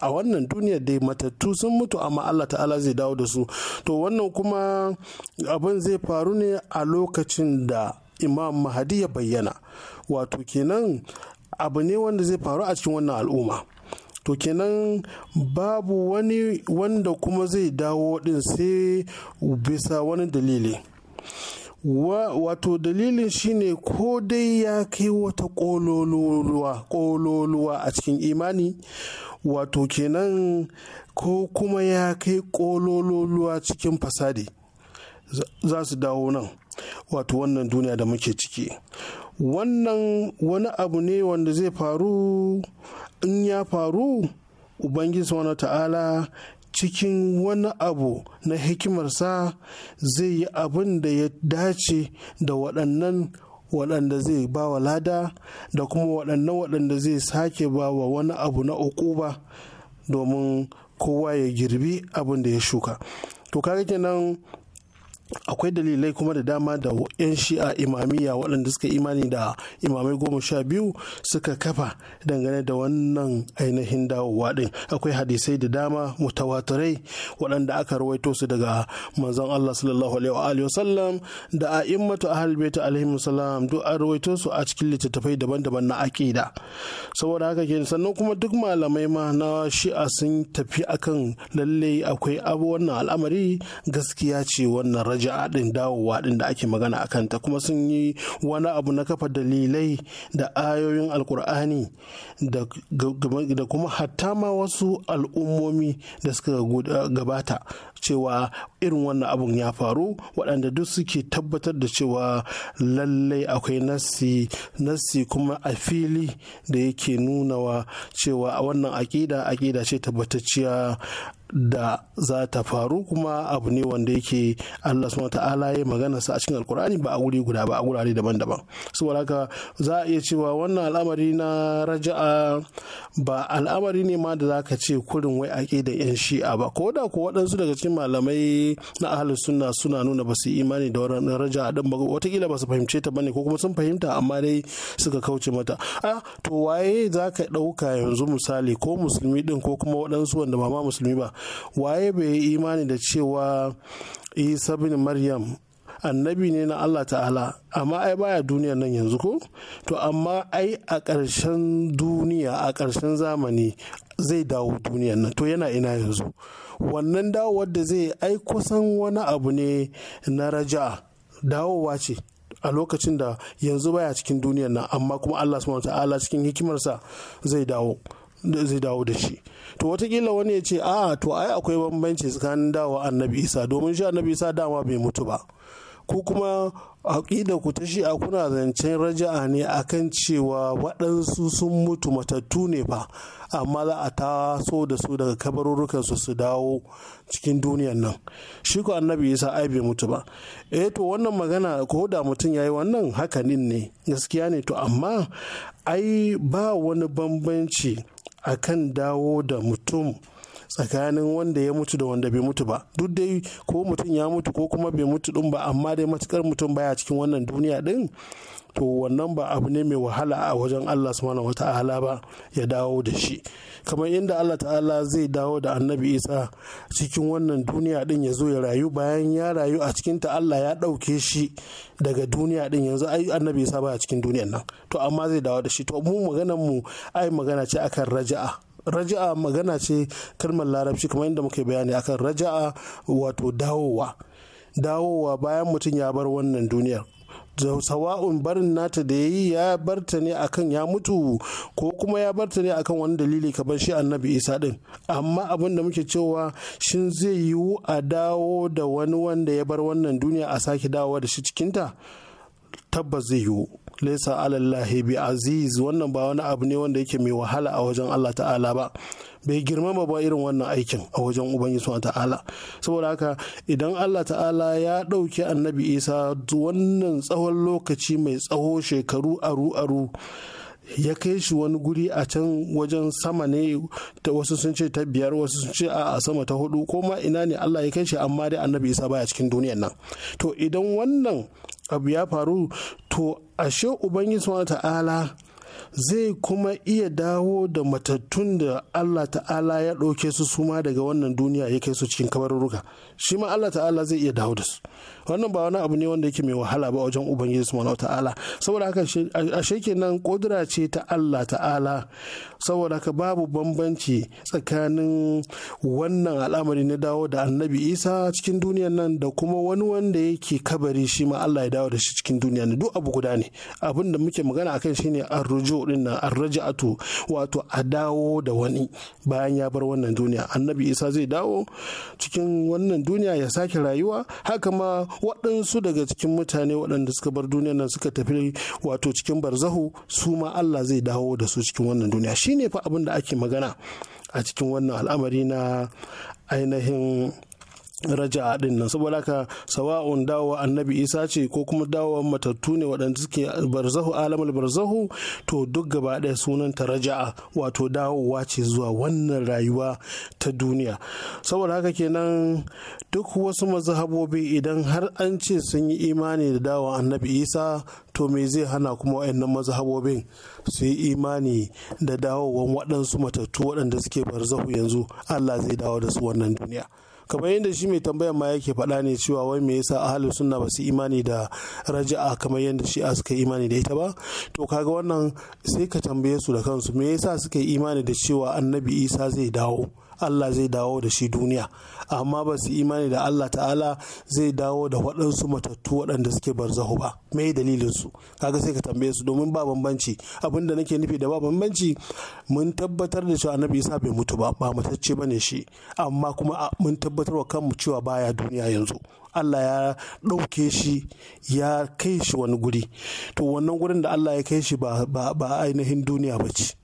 a wannan duniyar dai matattu sun mutu amma Allah ta'ala zai dawo da su to wannan kuma abin zai faru ne a lokacin da imam mahadi ya bayyana wato kenan abu ne wanda zai faru a cikin wannan al'umma to kenan babu wani wanda kuma zai dawo din sai bisa wani dalili wato dalilin shine ko dai ya kai wata kololuwa a cikin imani wato kenan ko kuma ya kai kololuwa cikin fasadi za su dawo nan wato wannan duniya da muke ciki wannan wani abu ne wanda zai faru in ya faru ubangiji wani ta'ala cikin wani abu na hikimarsa zai yi abin da ya dace da waɗannan waɗanda zai ba wa lada da kuma waɗannan waɗanda zai sake ba wa wani abu na uku domin kowa ya girbi abin da ya shuka to kaga kenan akwai dalilai kuma da dama da 'yan shi'a imamiya waɗanda suka imani da imamai goma sha biyu suka kafa dangane da wannan ainihin dawowa ɗin akwai hadisai da dama mutawatirai waɗanda aka rawaito su daga manzon Allah sallallahu alaihi wa sallam da a'immatu ahlul bait alaihi salam duk an rawaito su a cikin littattafai daban-daban na aƙida saboda haka ke sannan kuma duk malamai ma na shi'a sun tafi akan lalle akwai abu wannan al'amari gaskiya ce wannan raja'a din dawowa din da ake magana a kanta kuma sun yi wani abu na kafa dalilai da ayoyin alkur'ani da kuma hatta ma wasu al'ummomi da suka gabata cewa irin wannan abun ya faru waɗanda duk suke tabbatar da cewa lallai akwai nassi kuma a fili da yake nunawa cewa a wannan aƙida aƙida ce tabbatacciya da za ta faru kuma abu ne wanda yake Allah subhanahu ta'ala ya magana sa a cikin alkur'ani ba a wuri guda ba a wurare daban-daban saboda haka za a iya cewa wannan al'amari na raja'a ba al'amari ne ma da zaka ce kurin wai da yan shi'a ba ko da ko waɗansu daga cikin malamai na ahlus sunna suna nuna ba su imani da wannan raja'a din ba watakila ba su fahimce ta bane ko kuma sun fahimta amma dai suka kauce mata a to waye zaka ɗauka yanzu misali ko musulmi din ko kuma waɗansu wanda ba ma musulmi ba waye bai yi imani da cewa isa bin maryam annabi ne na Allah ta'ala amma ai baya duniyar nan yanzu ko to amma ai a ƙarshen duniya a ƙarshen zamani zai dawo duniyar nan to yana ina yanzu wannan dawowar da zai ai kusan wani abu ne na raja dawowa ce a lokacin da yanzu baya cikin duniyar nan amma kuma Allah subhanahu ta'ala cikin hikimarsa zai zai dawo da shi to watakila wani ya ce a to ai akwai bambanci tsakanin dawa annabi isa domin shi annabi isa dama bai mutu ba ku kuma aƙida ku ta shi'a kuna zancen raja'a ne akan cewa waɗansu sun mutu matattu ne fa amma za a taso da su daga kabarurukansu su dawo cikin duniyan nan shi ko annabi isa ai bai mutu ba eh to wannan magana ko da mutum yayi wannan hakanin ne gaskiya ne to amma ai ba wani bambanci akan dawo da mutum tsakanin wanda ya mutu da wanda bai mutu ba duk dai ko mutum ya mutu ko kuma bai mutu din ba amma dai matukar mutum baya cikin wannan duniya din to wannan ba abu ne mai wahala a wajen Allah subhanahu wata'ala ba ya dawo da shi kamar inda Allah ta'ala zai dawo da annabi isa cikin wannan duniya din ya zo ya rayu bayan ya rayu a cikin ta Allah ya ɗauke shi daga duniya din yanzu ai annabi isa ba a cikin duniyan nan to amma zai dawo da shi to mu maganar mu ai magana ce akan raja'a raja'a magana ce kalmar larabci kamar inda muke bayani akan raja'a wato dawowa dawowa bayan mutum ya bar wannan duniyar sawa'un barin nata da ya yi ya barta ne akan ya mutu ko kuma ya barta ne akan wani dalili kamar shi annabi isa din amma abin da muke cewa shin zai yiwu a dawo da wani wanda ya bar wannan duniya a sake dawo da shi cikinta tabbas zai yiwu laisa alallahi bi aziz wannan ba wani abu ne wanda yake mai wahala a wajen allah ta'ala ba bai girmama ba irin wannan aikin a wajen ubangiji subhanahu ta'ala saboda haka idan Allah ta'ala ya ɗauki annabi isa wannan tsawon lokaci mai tsawo shekaru aru aru ya kai shi wani guri a can wajen sama ne ta wasu sun ce ta biyar wasu sun ce a sama ta hudu ko ma ina ne Allah ya kai shi amma dai annabi isa baya cikin duniyan nan to idan wannan abu ya faru to ashe ubangiji subhanahu ta'ala zai kuma iya dawo da matattun da Allah ta'ala ya ɗauke su suma daga wannan duniya ya kai su cikin kabarurruka shi ma Allah ta'ala zai iya dawo da su wannan ba wani abu ne wanda yake mai wahala ba wajen ubangiji subhanahu ta'ala saboda haka a ashe nan kudura ce ta Allah ta'ala saboda haka babu bambanci tsakanin wannan al'amari na dawo da annabi isa cikin duniya nan da kuma wani wanda yake kabari shi ma Allah ya dawo da shi cikin duniya ne duk abu guda ne abin da muke magana akan shine arrujo din nan arraja'atu wato a dawo da wani bayan ya bar wannan duniya annabi isa zai dawo cikin wannan duniya ya sake rayuwa haka ma waɗansu daga cikin mutane waɗanda suka bar duniyar nan suka tafi wato cikin barzahu su ma Allah zai dawo da su cikin wannan duniya shine fa abin da ake magana a cikin wannan al'amari na ainihin raja'a din nan saboda haka sawa'un dawowa annabi isa ce ko kuma dawowa matattu ne waɗanda suke barzahu alamul barzahu to duk gaba ɗaya sunan ta raja'a wato dawowa ce zuwa wannan rayuwa ta duniya saboda haka kenan duk wasu mazhabobi idan har an ce sun yi imani da dawowa annabi isa to me zai hana kuma wayannan mazhabobin su yi imani da dawowa waɗansu matattu waɗanda suke barzahu yanzu allah zai dawo da su wannan duniya kamar yadda shi mai tambayan ma yake faɗa ne cewa wai me yasa ahlus sunna ba su imani da raja'a kamar yadda shi suka yi imani da ita ba to kaga wannan sai ka tambaye su da kansu me yasa suka yi imani da cewa annabi isa zai dawo Allah zai dawo da shi duniya amma ba su imani da Allah ta'ala zai dawo da waɗansu matattu waɗanda suke barzahu ba me dalilin su kaga sai ka tambaye su domin ba bambanci abin da nake nufi da ba bambanci mun tabbatar da cewa annabi Isa bai mutu ba ba matacce ne shi amma kuma mun tabbatar wa kanmu cewa baya duniya yanzu Allah ya ɗauke shi ya kai shi wani guri to wannan gurin da Allah ya kai shi ba ainihin duniya ba ce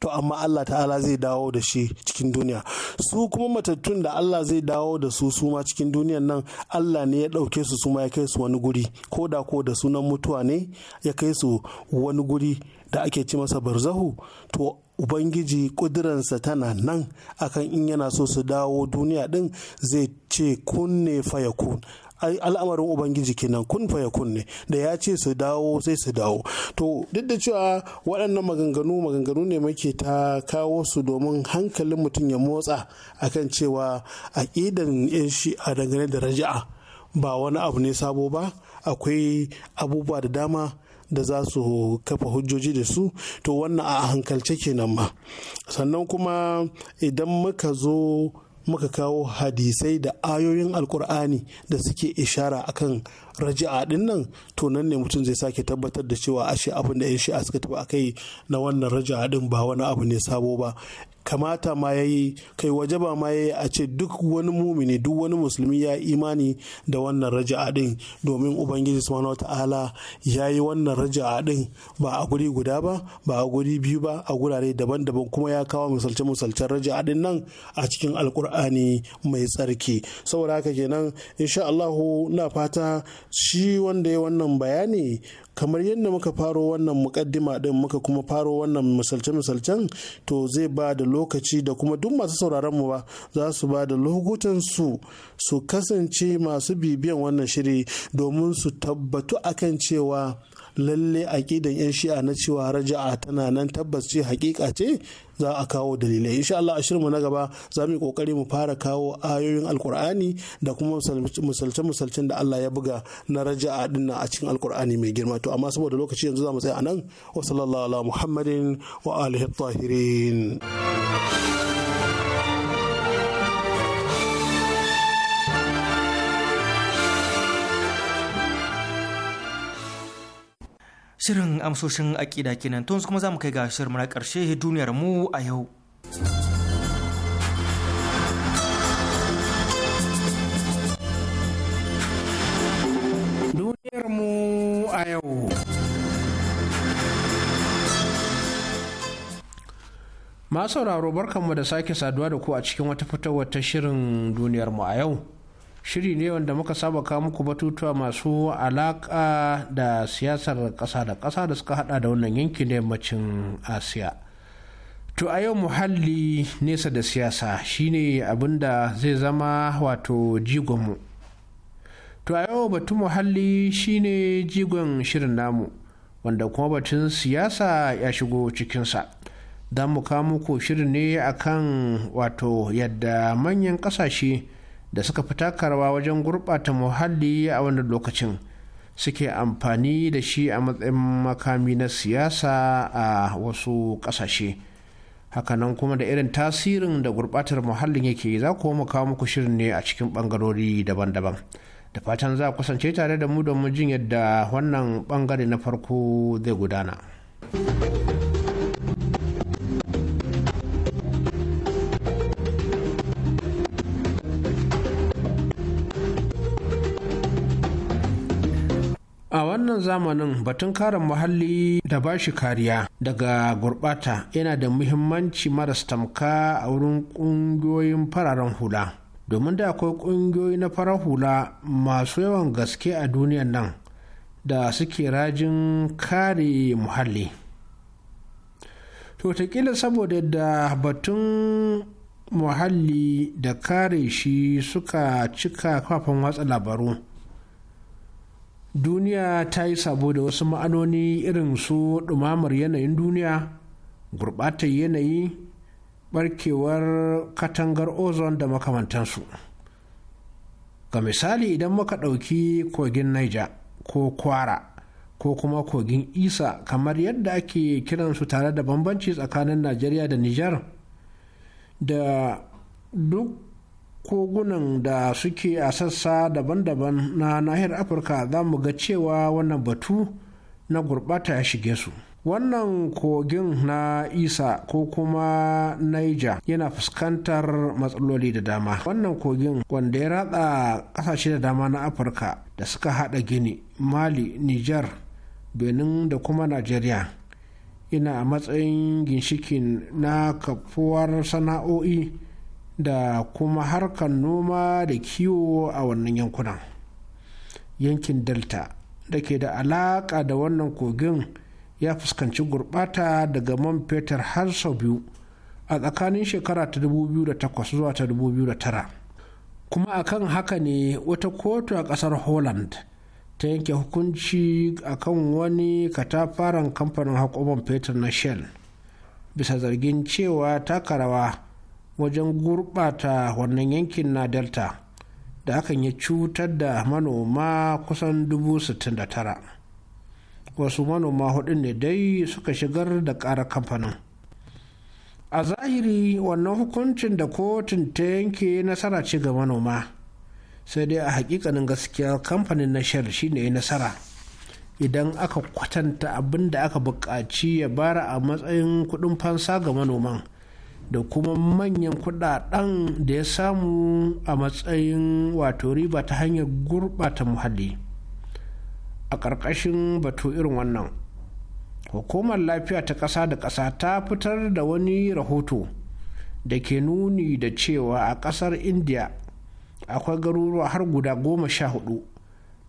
to amma Allah ta'ala zai dawo da shi cikin duniya su kuma matattun da Allah zai dawo da su su ma cikin duniyan nan Allah ne ya ɗauke su su ma ya kai su wani guri ko da ko da sunan mutuwa ne ya kai su wani guri da ake ci masa barzahu to ubangiji kudiransa tana nan akan in yana so su dawo duniya din zai ce kunne fayakun al'amarin ubangiji kenan kun fa ya kunne da ya ce su dawo sai su dawo to duk da cewa waɗannan maganganu maganganu ne muke ta kawo su domin hankalin mutum ya motsa akan cewa aƙidan yan shi a dangane da raja'a ba wani abu ne sabo ba akwai abubuwa da dama da za su kafa hujjoji da su to wannan a hankalce kenan ma sannan kuma idan muka zo muka kawo hadisai da ayoyin alkur'ani da suke ishara akan raja'a din nan to nan ne mutum zai sake tabbatar da cewa ashe abin da yan shi'a suka tafi akai na wannan raja'a din ba wani abu ne sabo ba kamata ma ya yi kai waje ba ma ya yi a ce duk wani mumini duk wani musulmi ya yi imani da wannan raja'a din domin ubangiji subhanahu wata'ala ya yi wannan raja'a din ba a guri guda ba ba a guri biyu ba a gurare daban-daban kuma ya kawo misalce misalcen raja'a din nan a cikin alkur'ani mai tsarki saboda haka kenan insha Allahu na fata shi wanda ya wannan bayani kamar yadda muka faro wannan mukaddima din muka kuma faro wannan misalce-misalcen to zai ba da lokaci da kuma duk masu sauraron mu ba za su ba da lokutan su su kasance masu bibiyan wannan shiri domin su tabbatu akan cewa lalle aƙidan 'yan shi'a na cewa raja'a tana nan tabbas ce hakika ce za a kawo dalilai insha Allah a shirinmu na gaba za mu yi kokari mu fara kawo ayoyin alkur'ani da kuma misalce misalcen da Allah ya buga na raja'a dinnan a cikin alkur'ani mai girma to amma saboda lokaci yanzu za mu tsaya nan wa sallallahu ala muhammadin wa alihi tahirin Shirin amsoshin aƙida kenan su kuma za mu kai ga shirin na ƙarshe duniyar mu a yau. Duniyar mu a yau. Masu sauraro barkanmu da sake saduwa da ku a cikin wata fitowar ta shirin duniyarmu a yau. shiri ne wanda muka saba kawo muku batutuwa masu alaka da siyasar ƙasa da ƙasa da suka hada da wannan yanki na yammacin asiya to a yau muhalli nesa da siyasa shine abin da zai zama wato jigonmu to a yau batun muhalli shine jigon shirin namu wanda kuma batun siyasa ya shigo cikinsa za mu kawo muku shirin ne akan wato yadda manyan ƙasashe da suka fi takarwa wajen gurɓata muhalli a wannan lokacin suke amfani da shi a matsayin makami na siyasa a wasu ƙasashe hakanan kuma da irin tasirin da gurɓatar muhallin yake za ku mu kawo muku shirin ne a cikin ɓangarori daban-daban da fatan za kusance tare da mu don mu jin yadda wannan ɓangare na farko zai gudana. wannan zamanin batun kare muhalli da ba shi kariya daga gurbata yana da muhimmanci maras tamka a wurin ƙungiyoyin fararen hula domin da akwai ƙungiyoyi na farar hula masu yawan gaske a duniyan nan da suke rajin kare muhalli to takila saboda da batun muhalli da kare shi suka cika kafin watsa labaru duniya ta yi sabo da wasu ma'anoni irin su ɗumamar yanayin duniya gurɓatar yanayi barkewar katangar ozon da makamantansu ga misali idan muka ɗauki kogin niger ko kwara ko kuma kogin isa kamar yadda ake kiransu tare da bambanci tsakanin najeriya da niger da duk kogunan da suke a sassa daban-daban na nahiyar afirka za mu ga cewa wannan batu na gurɓata ya shige su wannan kogin na isa ko kuma niger yana fuskantar matsaloli da dama wannan kogin wanda ya ratsa ƙasashe da dama na afirka da suka haɗa gini mali niger benin da kuma nigeria yana a matsayin ginshikin na kafuwar sana'o'i da kuma harkar noma da kiwo a wannan yankunan yankin delta da ke da alaƙa da wannan kogin ya fuskanci gurɓata daga man fetur har sau biyu a tsakanin shekara ta 2008 zuwa ta 2009 kuma akan haka ne wata kotu a ƙasar holland ta yanke hukunci akan wani katafaren kamfanin haƙoban fetur na shell bisa zargin cewa taka rawa wajen gurɓata wannan yankin na delta da hakan ya cutar da manoma kusan 69 wasu manoma hudun ne dai suka shigar da ƙara kamfanin a zahiri wannan hukuncin da kotun ta yanke nasara ce ga manoma sai dai a hakikanin gaskiya kamfanin na shell shine ya nasara idan aka kwatanta abin da aka buƙaci ya bara a matsayin kuɗin fansa ga manoman da kuma manyan kudaden da ya samu a matsayin wato riba ta hanyar gurɓata muhalli a ƙarƙashin batu irin wannan hukumar lafiya ta ƙasa da ƙasa ta fitar da wani rahoto da ke nuni da cewa a ƙasar india akwai garuruwa har guda goma sha hudu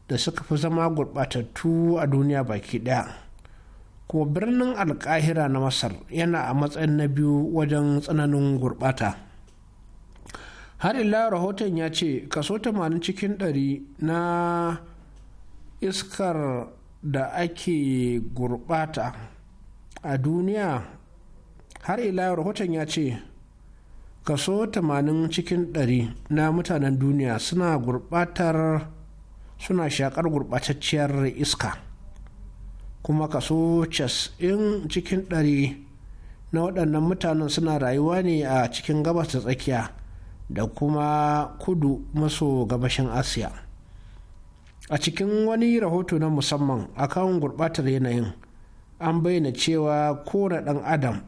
da suka fi zama gurɓatattu a duniya baki ɗaya kuma birnin alkahira na masar yana a matsayin na biyu wajen tsananin gurbata har ila rahoton ya ce kaso 80 cikin 100 na iskar da ake gurbata a duniya har ila rahoton ya ce kaso 80 cikin 100 na mutanen duniya suna gurbatar suna shakar gurbatacciyar iska kuma kaso in cikin ɗari na waɗannan mutanen suna rayuwa ne a cikin gabas ta tsakiya da kuma kudu maso gabashin asiya a cikin wani rahoto na musamman akan gurɓatar yanayin an bayyana cewa kone ɗan adam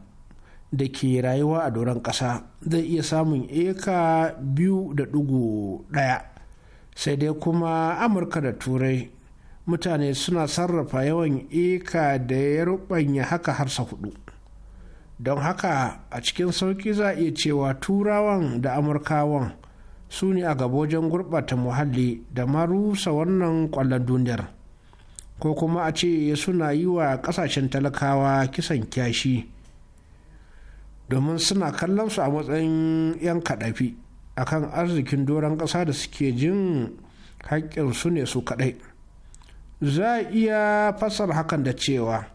da ke rayuwa a doron ƙasa zai iya samun eka biyu da ɗaya sai dai kuma amurka da turai mutane suna sarrafa yawan eka da ya rubanya haka har sa hudu don haka a cikin sauki za a iya cewa turawan da amurkawan su ne a gaba wajen gurɓata muhalli da marusa wannan ƙwallon duniyar ko kuma a ce suna yi wa ƙasashen talakawa kisan kyashi domin suna kallon su a matsayin 'yan kaɗafi akan arzikin doron ƙasa da suke jin haƙƙinsu ne su kaɗai za a iya fasar hakan da cewa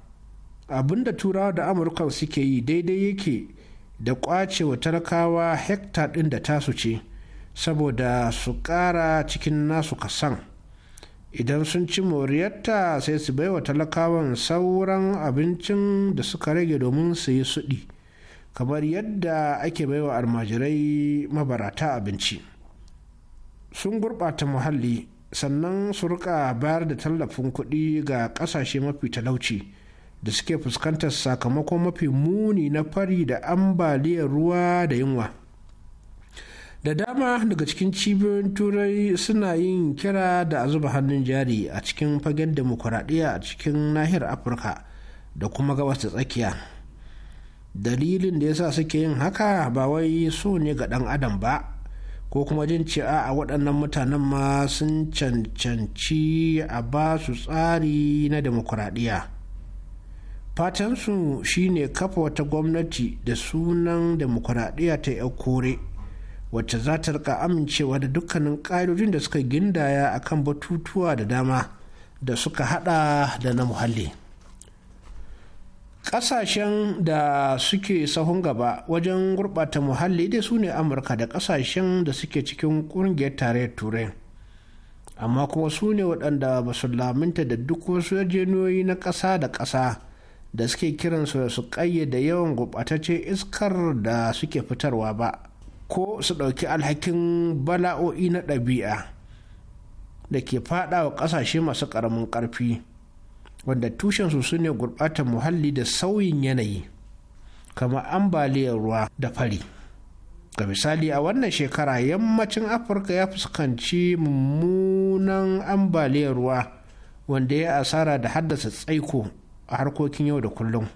abin da turawa da amurka suke yi daidai yake da kwace wa talakawa hekta ɗin da tasu ce saboda su ƙara cikin nasu kasan idan sun ci moriyarta sai su baiwa talakawan sauran abincin da suka rage domin su yi suɗi kamar yadda ake baiwa almajirai mabarata abinci sun gurɓata muhalli sannan su rika bayar da tallafin kuɗi ga ƙasashe mafi talauci da suke fuskantar sakamakon mafi muni na fari da ambaliyar ruwa da yunwa da dama daga cikin cibiyoyin turai suna yin kira da a zuba hannun jari a cikin fagen demokuraɗiyya a cikin nahiyar afirka da kuma gabas da tsakiya dalilin da ya sa suke yin haka ba wai so ne ga ɗan adam ba ko kuma jin ce a waɗannan mutanen ma sun cancanci a ba su tsari na demokuraɗiyya fatansu shine kafa wata gwamnati da sunan demokuraɗiyya ta yi kore wacce za ta rika amincewa da dukkanin ƙa'idojin da suka gindaya akan batutuwa da dama da suka hada da na muhalli. kasashen da suke sahun gaba wajen gurɓata muhalli dai su ne amurka da kasashen da suke cikin ƙungiyar tarayyar turai amma kuma su ne waɗanda ba su laminta da duk wasu yarjeniyoyi na ƙasa da ƙasa da suke kiransu da su ƙayyade yawan gurɓatacce iskar da suke fitarwa ba ko su ɗauki alhakin bala'o'i na ɗabi'a da ke faɗawa wa ƙasashe masu ƙaramin ƙarfi. wanda tushensu su ne gurɓatar muhalli da sauyin yanayi kamar ambaliyar ruwa da fari ga misali a wannan shekara yammacin afirka ya fuskanci mummunan ambaliyar ruwa wanda ya asara da haddasa tsaiko a harkokin yau da kullum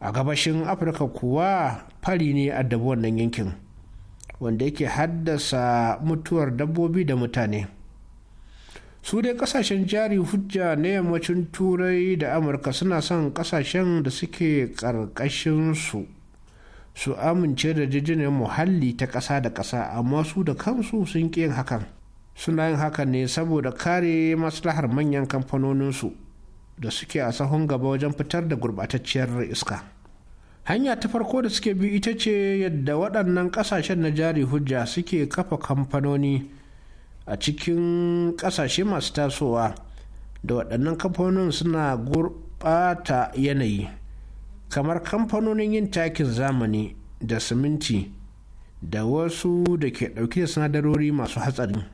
a gabashin afirka kuwa fari ne a wannan yankin wanda yake haddasa mutuwar dabbobi da mutane su dai kasashen jari hujja na yammacin turai da amurka suna son kasashen da suke su su amince da jijinin muhalli ta ƙasa da ƙasa amma su da kansu sun ƙi yin hakan suna yin hakan ne saboda kare maslahar manyan kamfanoninsu da suke a sahun gaba wajen fitar da gurbatacciyar iska hanya ta farko da suke bi ita ce yadda waɗannan ƙasashen na jari hujja suke kafa kamfanoni a cikin kasashe masu tasowa da waɗannan kamfanonin suna gurɓata yanayi kamar kamfanonin yin takin zamani da siminti da wasu da ke ɗauke da sinadarori masu hatsari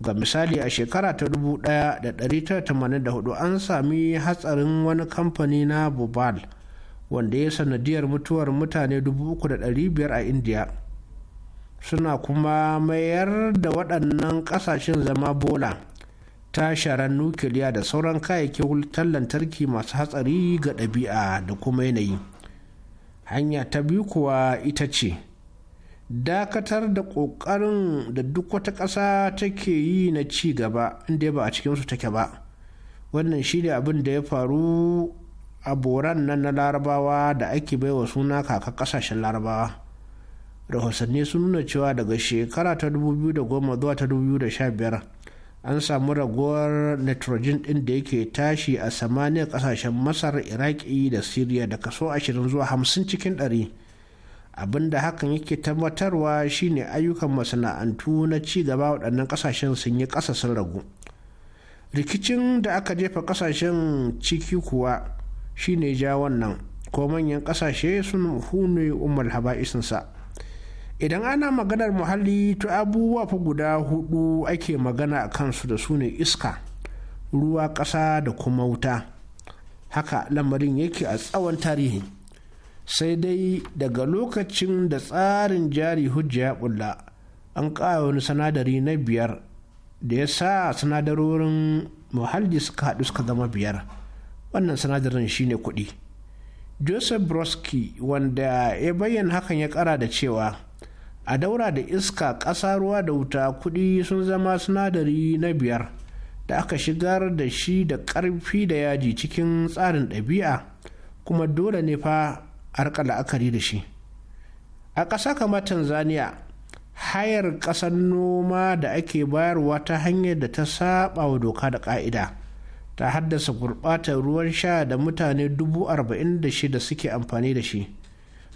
ga misali a shekara ta 1984 an sami hatsarin wani kamfani na bubal wanda ya sanadiyar mutuwar mutane 3,500 a india suna kuma mayar da waɗannan ƙasashen zama bola tasharan nukiliya da sauran kayayyakin wutar lantarki masu hatsari ga ɗabi'a da kuma yanayi hanya ta biyu kuwa ita ce dakatar da ƙoƙarin da duk wata ƙasa take yi na ci gaba inda ba a cikinsu take ba wannan shi ne abin da ya faru a boran nan na larabawa da ake baiwa suna kaka ƙasashen larabawa rahotanni sun nuna cewa daga shekara ta 2010 zuwa ta 2015 an samu raguwar nitrogen din da yake tashi a samaniyar kasashen masar iraki da syria da kaso 20 zuwa 50 cikin 100 abinda hakan yake tabbatarwa shine ayyukan masana'antu na ci gaba waɗannan kasashen sun yi ƙasa sun ragu rikicin da aka jefa kasashen ciki kuwa shine ja wannan ko manyan ƙasashe sun hune umar haba haba'isinsa idan ana maganar muhalli to abubuwa fa guda hudu ake magana a kansu da su ne iska ruwa ƙasa da kuma wuta haka lamarin yake a tsawon tarihi sai dai daga lokacin da tsarin jari hujja ya bulla an ƙara wani sanadari na biyar da ya sa sanadarorin muhalli suka haɗu suka zama biyar wannan sinadarin shine kuɗi joseph broski wanda ya bayyana hakan ya ƙara da cewa a daura da iska ƙasa ruwa da wuta kuɗi sun zama sinadari na biyar da aka shigar da shi da ƙarfi da yaji cikin tsarin ɗabi'a kuma dole ne fa a rika la'akari da shi a ƙasa kamar tanzania hayar ƙasar noma da ake bayarwa ta hanyar da ta saba wa doka da ƙa'ida ta haddasa gurɓatar ruwan sha da mutane dubu arba'in da shida suke amfani da shi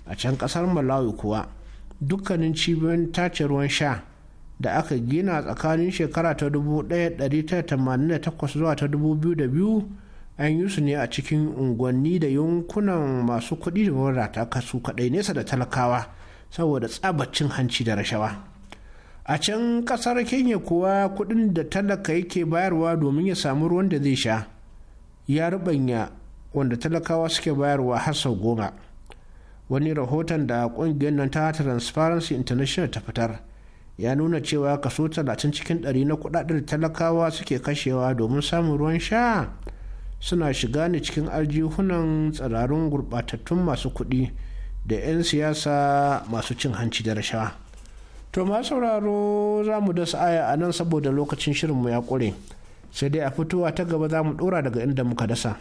a can ƙasar malawi kuwa dukkanin cibiyoyin tace ruwan sha da aka gina tsakanin shekara ta 1988 zuwa ta 2002 an yi su ne a cikin unguwanni da yankunan masu kuɗi da wadata kasu kaɗai nesa da talakawa saboda tsabacin hanci da rashawa a can ƙasar kenya kuwa kuɗin da talaka yake bayarwa domin ya samu ruwan da zai sha ya rubanya wanda talakawa suke bayarwa har sau goma wani rahoton da kungiyar nan ta transparency international ta fitar ya nuna cewa kaso 30 cikin 100 na kudaden talakawa suke kashewa domin samun ruwan sha suna shiga ne cikin aljihunan tsirarun gurbatattun masu kuɗi da 'yan siyasa masu cin hanci da rashawa. to ma sauraro za mu dasa aya a nan saboda lokacin shirinmu ya ƙure sai dai a fitowa ta gaba za mu ɗora daga inda muka dasa.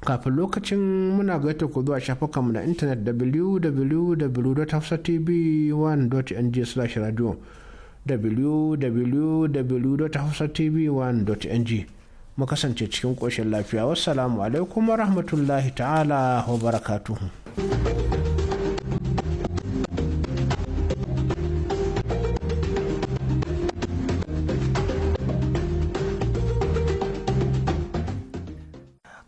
kafin lokacin muna gaita ku zuwa shafukanmu na intanet wwwhafsatv 1ng radio wwwhafsatv 1ng mu kasance cikin ƙoshin lafiya wassalamu alaikum wa rahmatullahi ta'ala wa barakatuhu.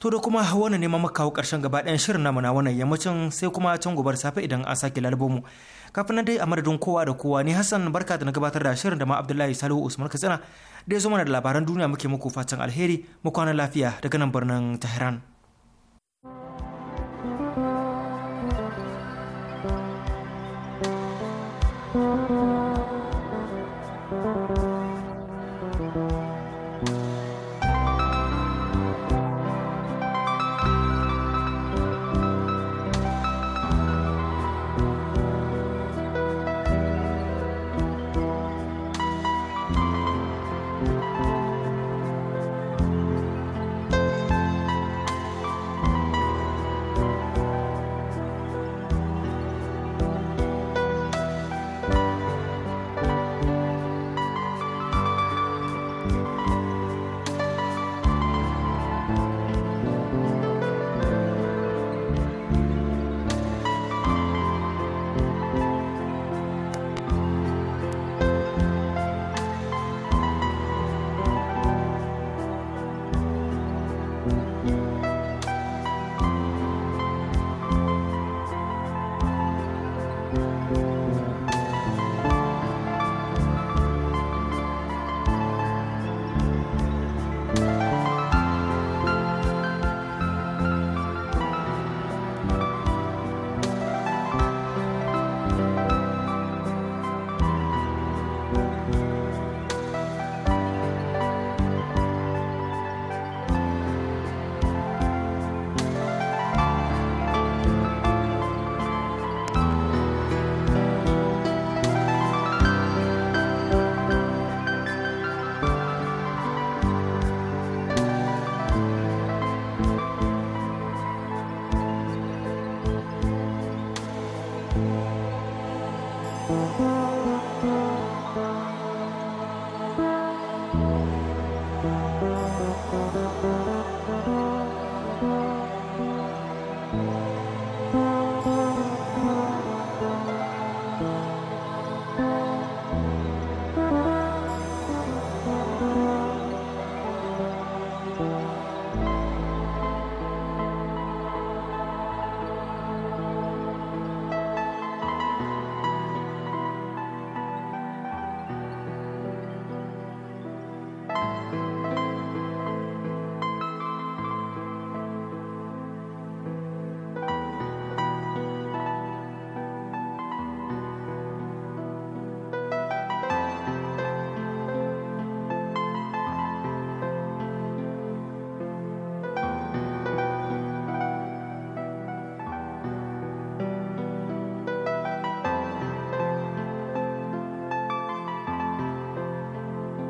To da kuma wani ne muka kawo ƙarshen gaba ɗayan shirin namu na wannan yammacin sai kuma can gobar safe idan an sake lalbomu. Kafin nan dai a madadin kowa da kowa ne Hassan barka da na gabatar da shirin da ma Abdullahi Salihu Usman Katsina da ya zo da labaran duniya muke muku fatan alheri mu kwana lafiya daga nan birnin Tehran.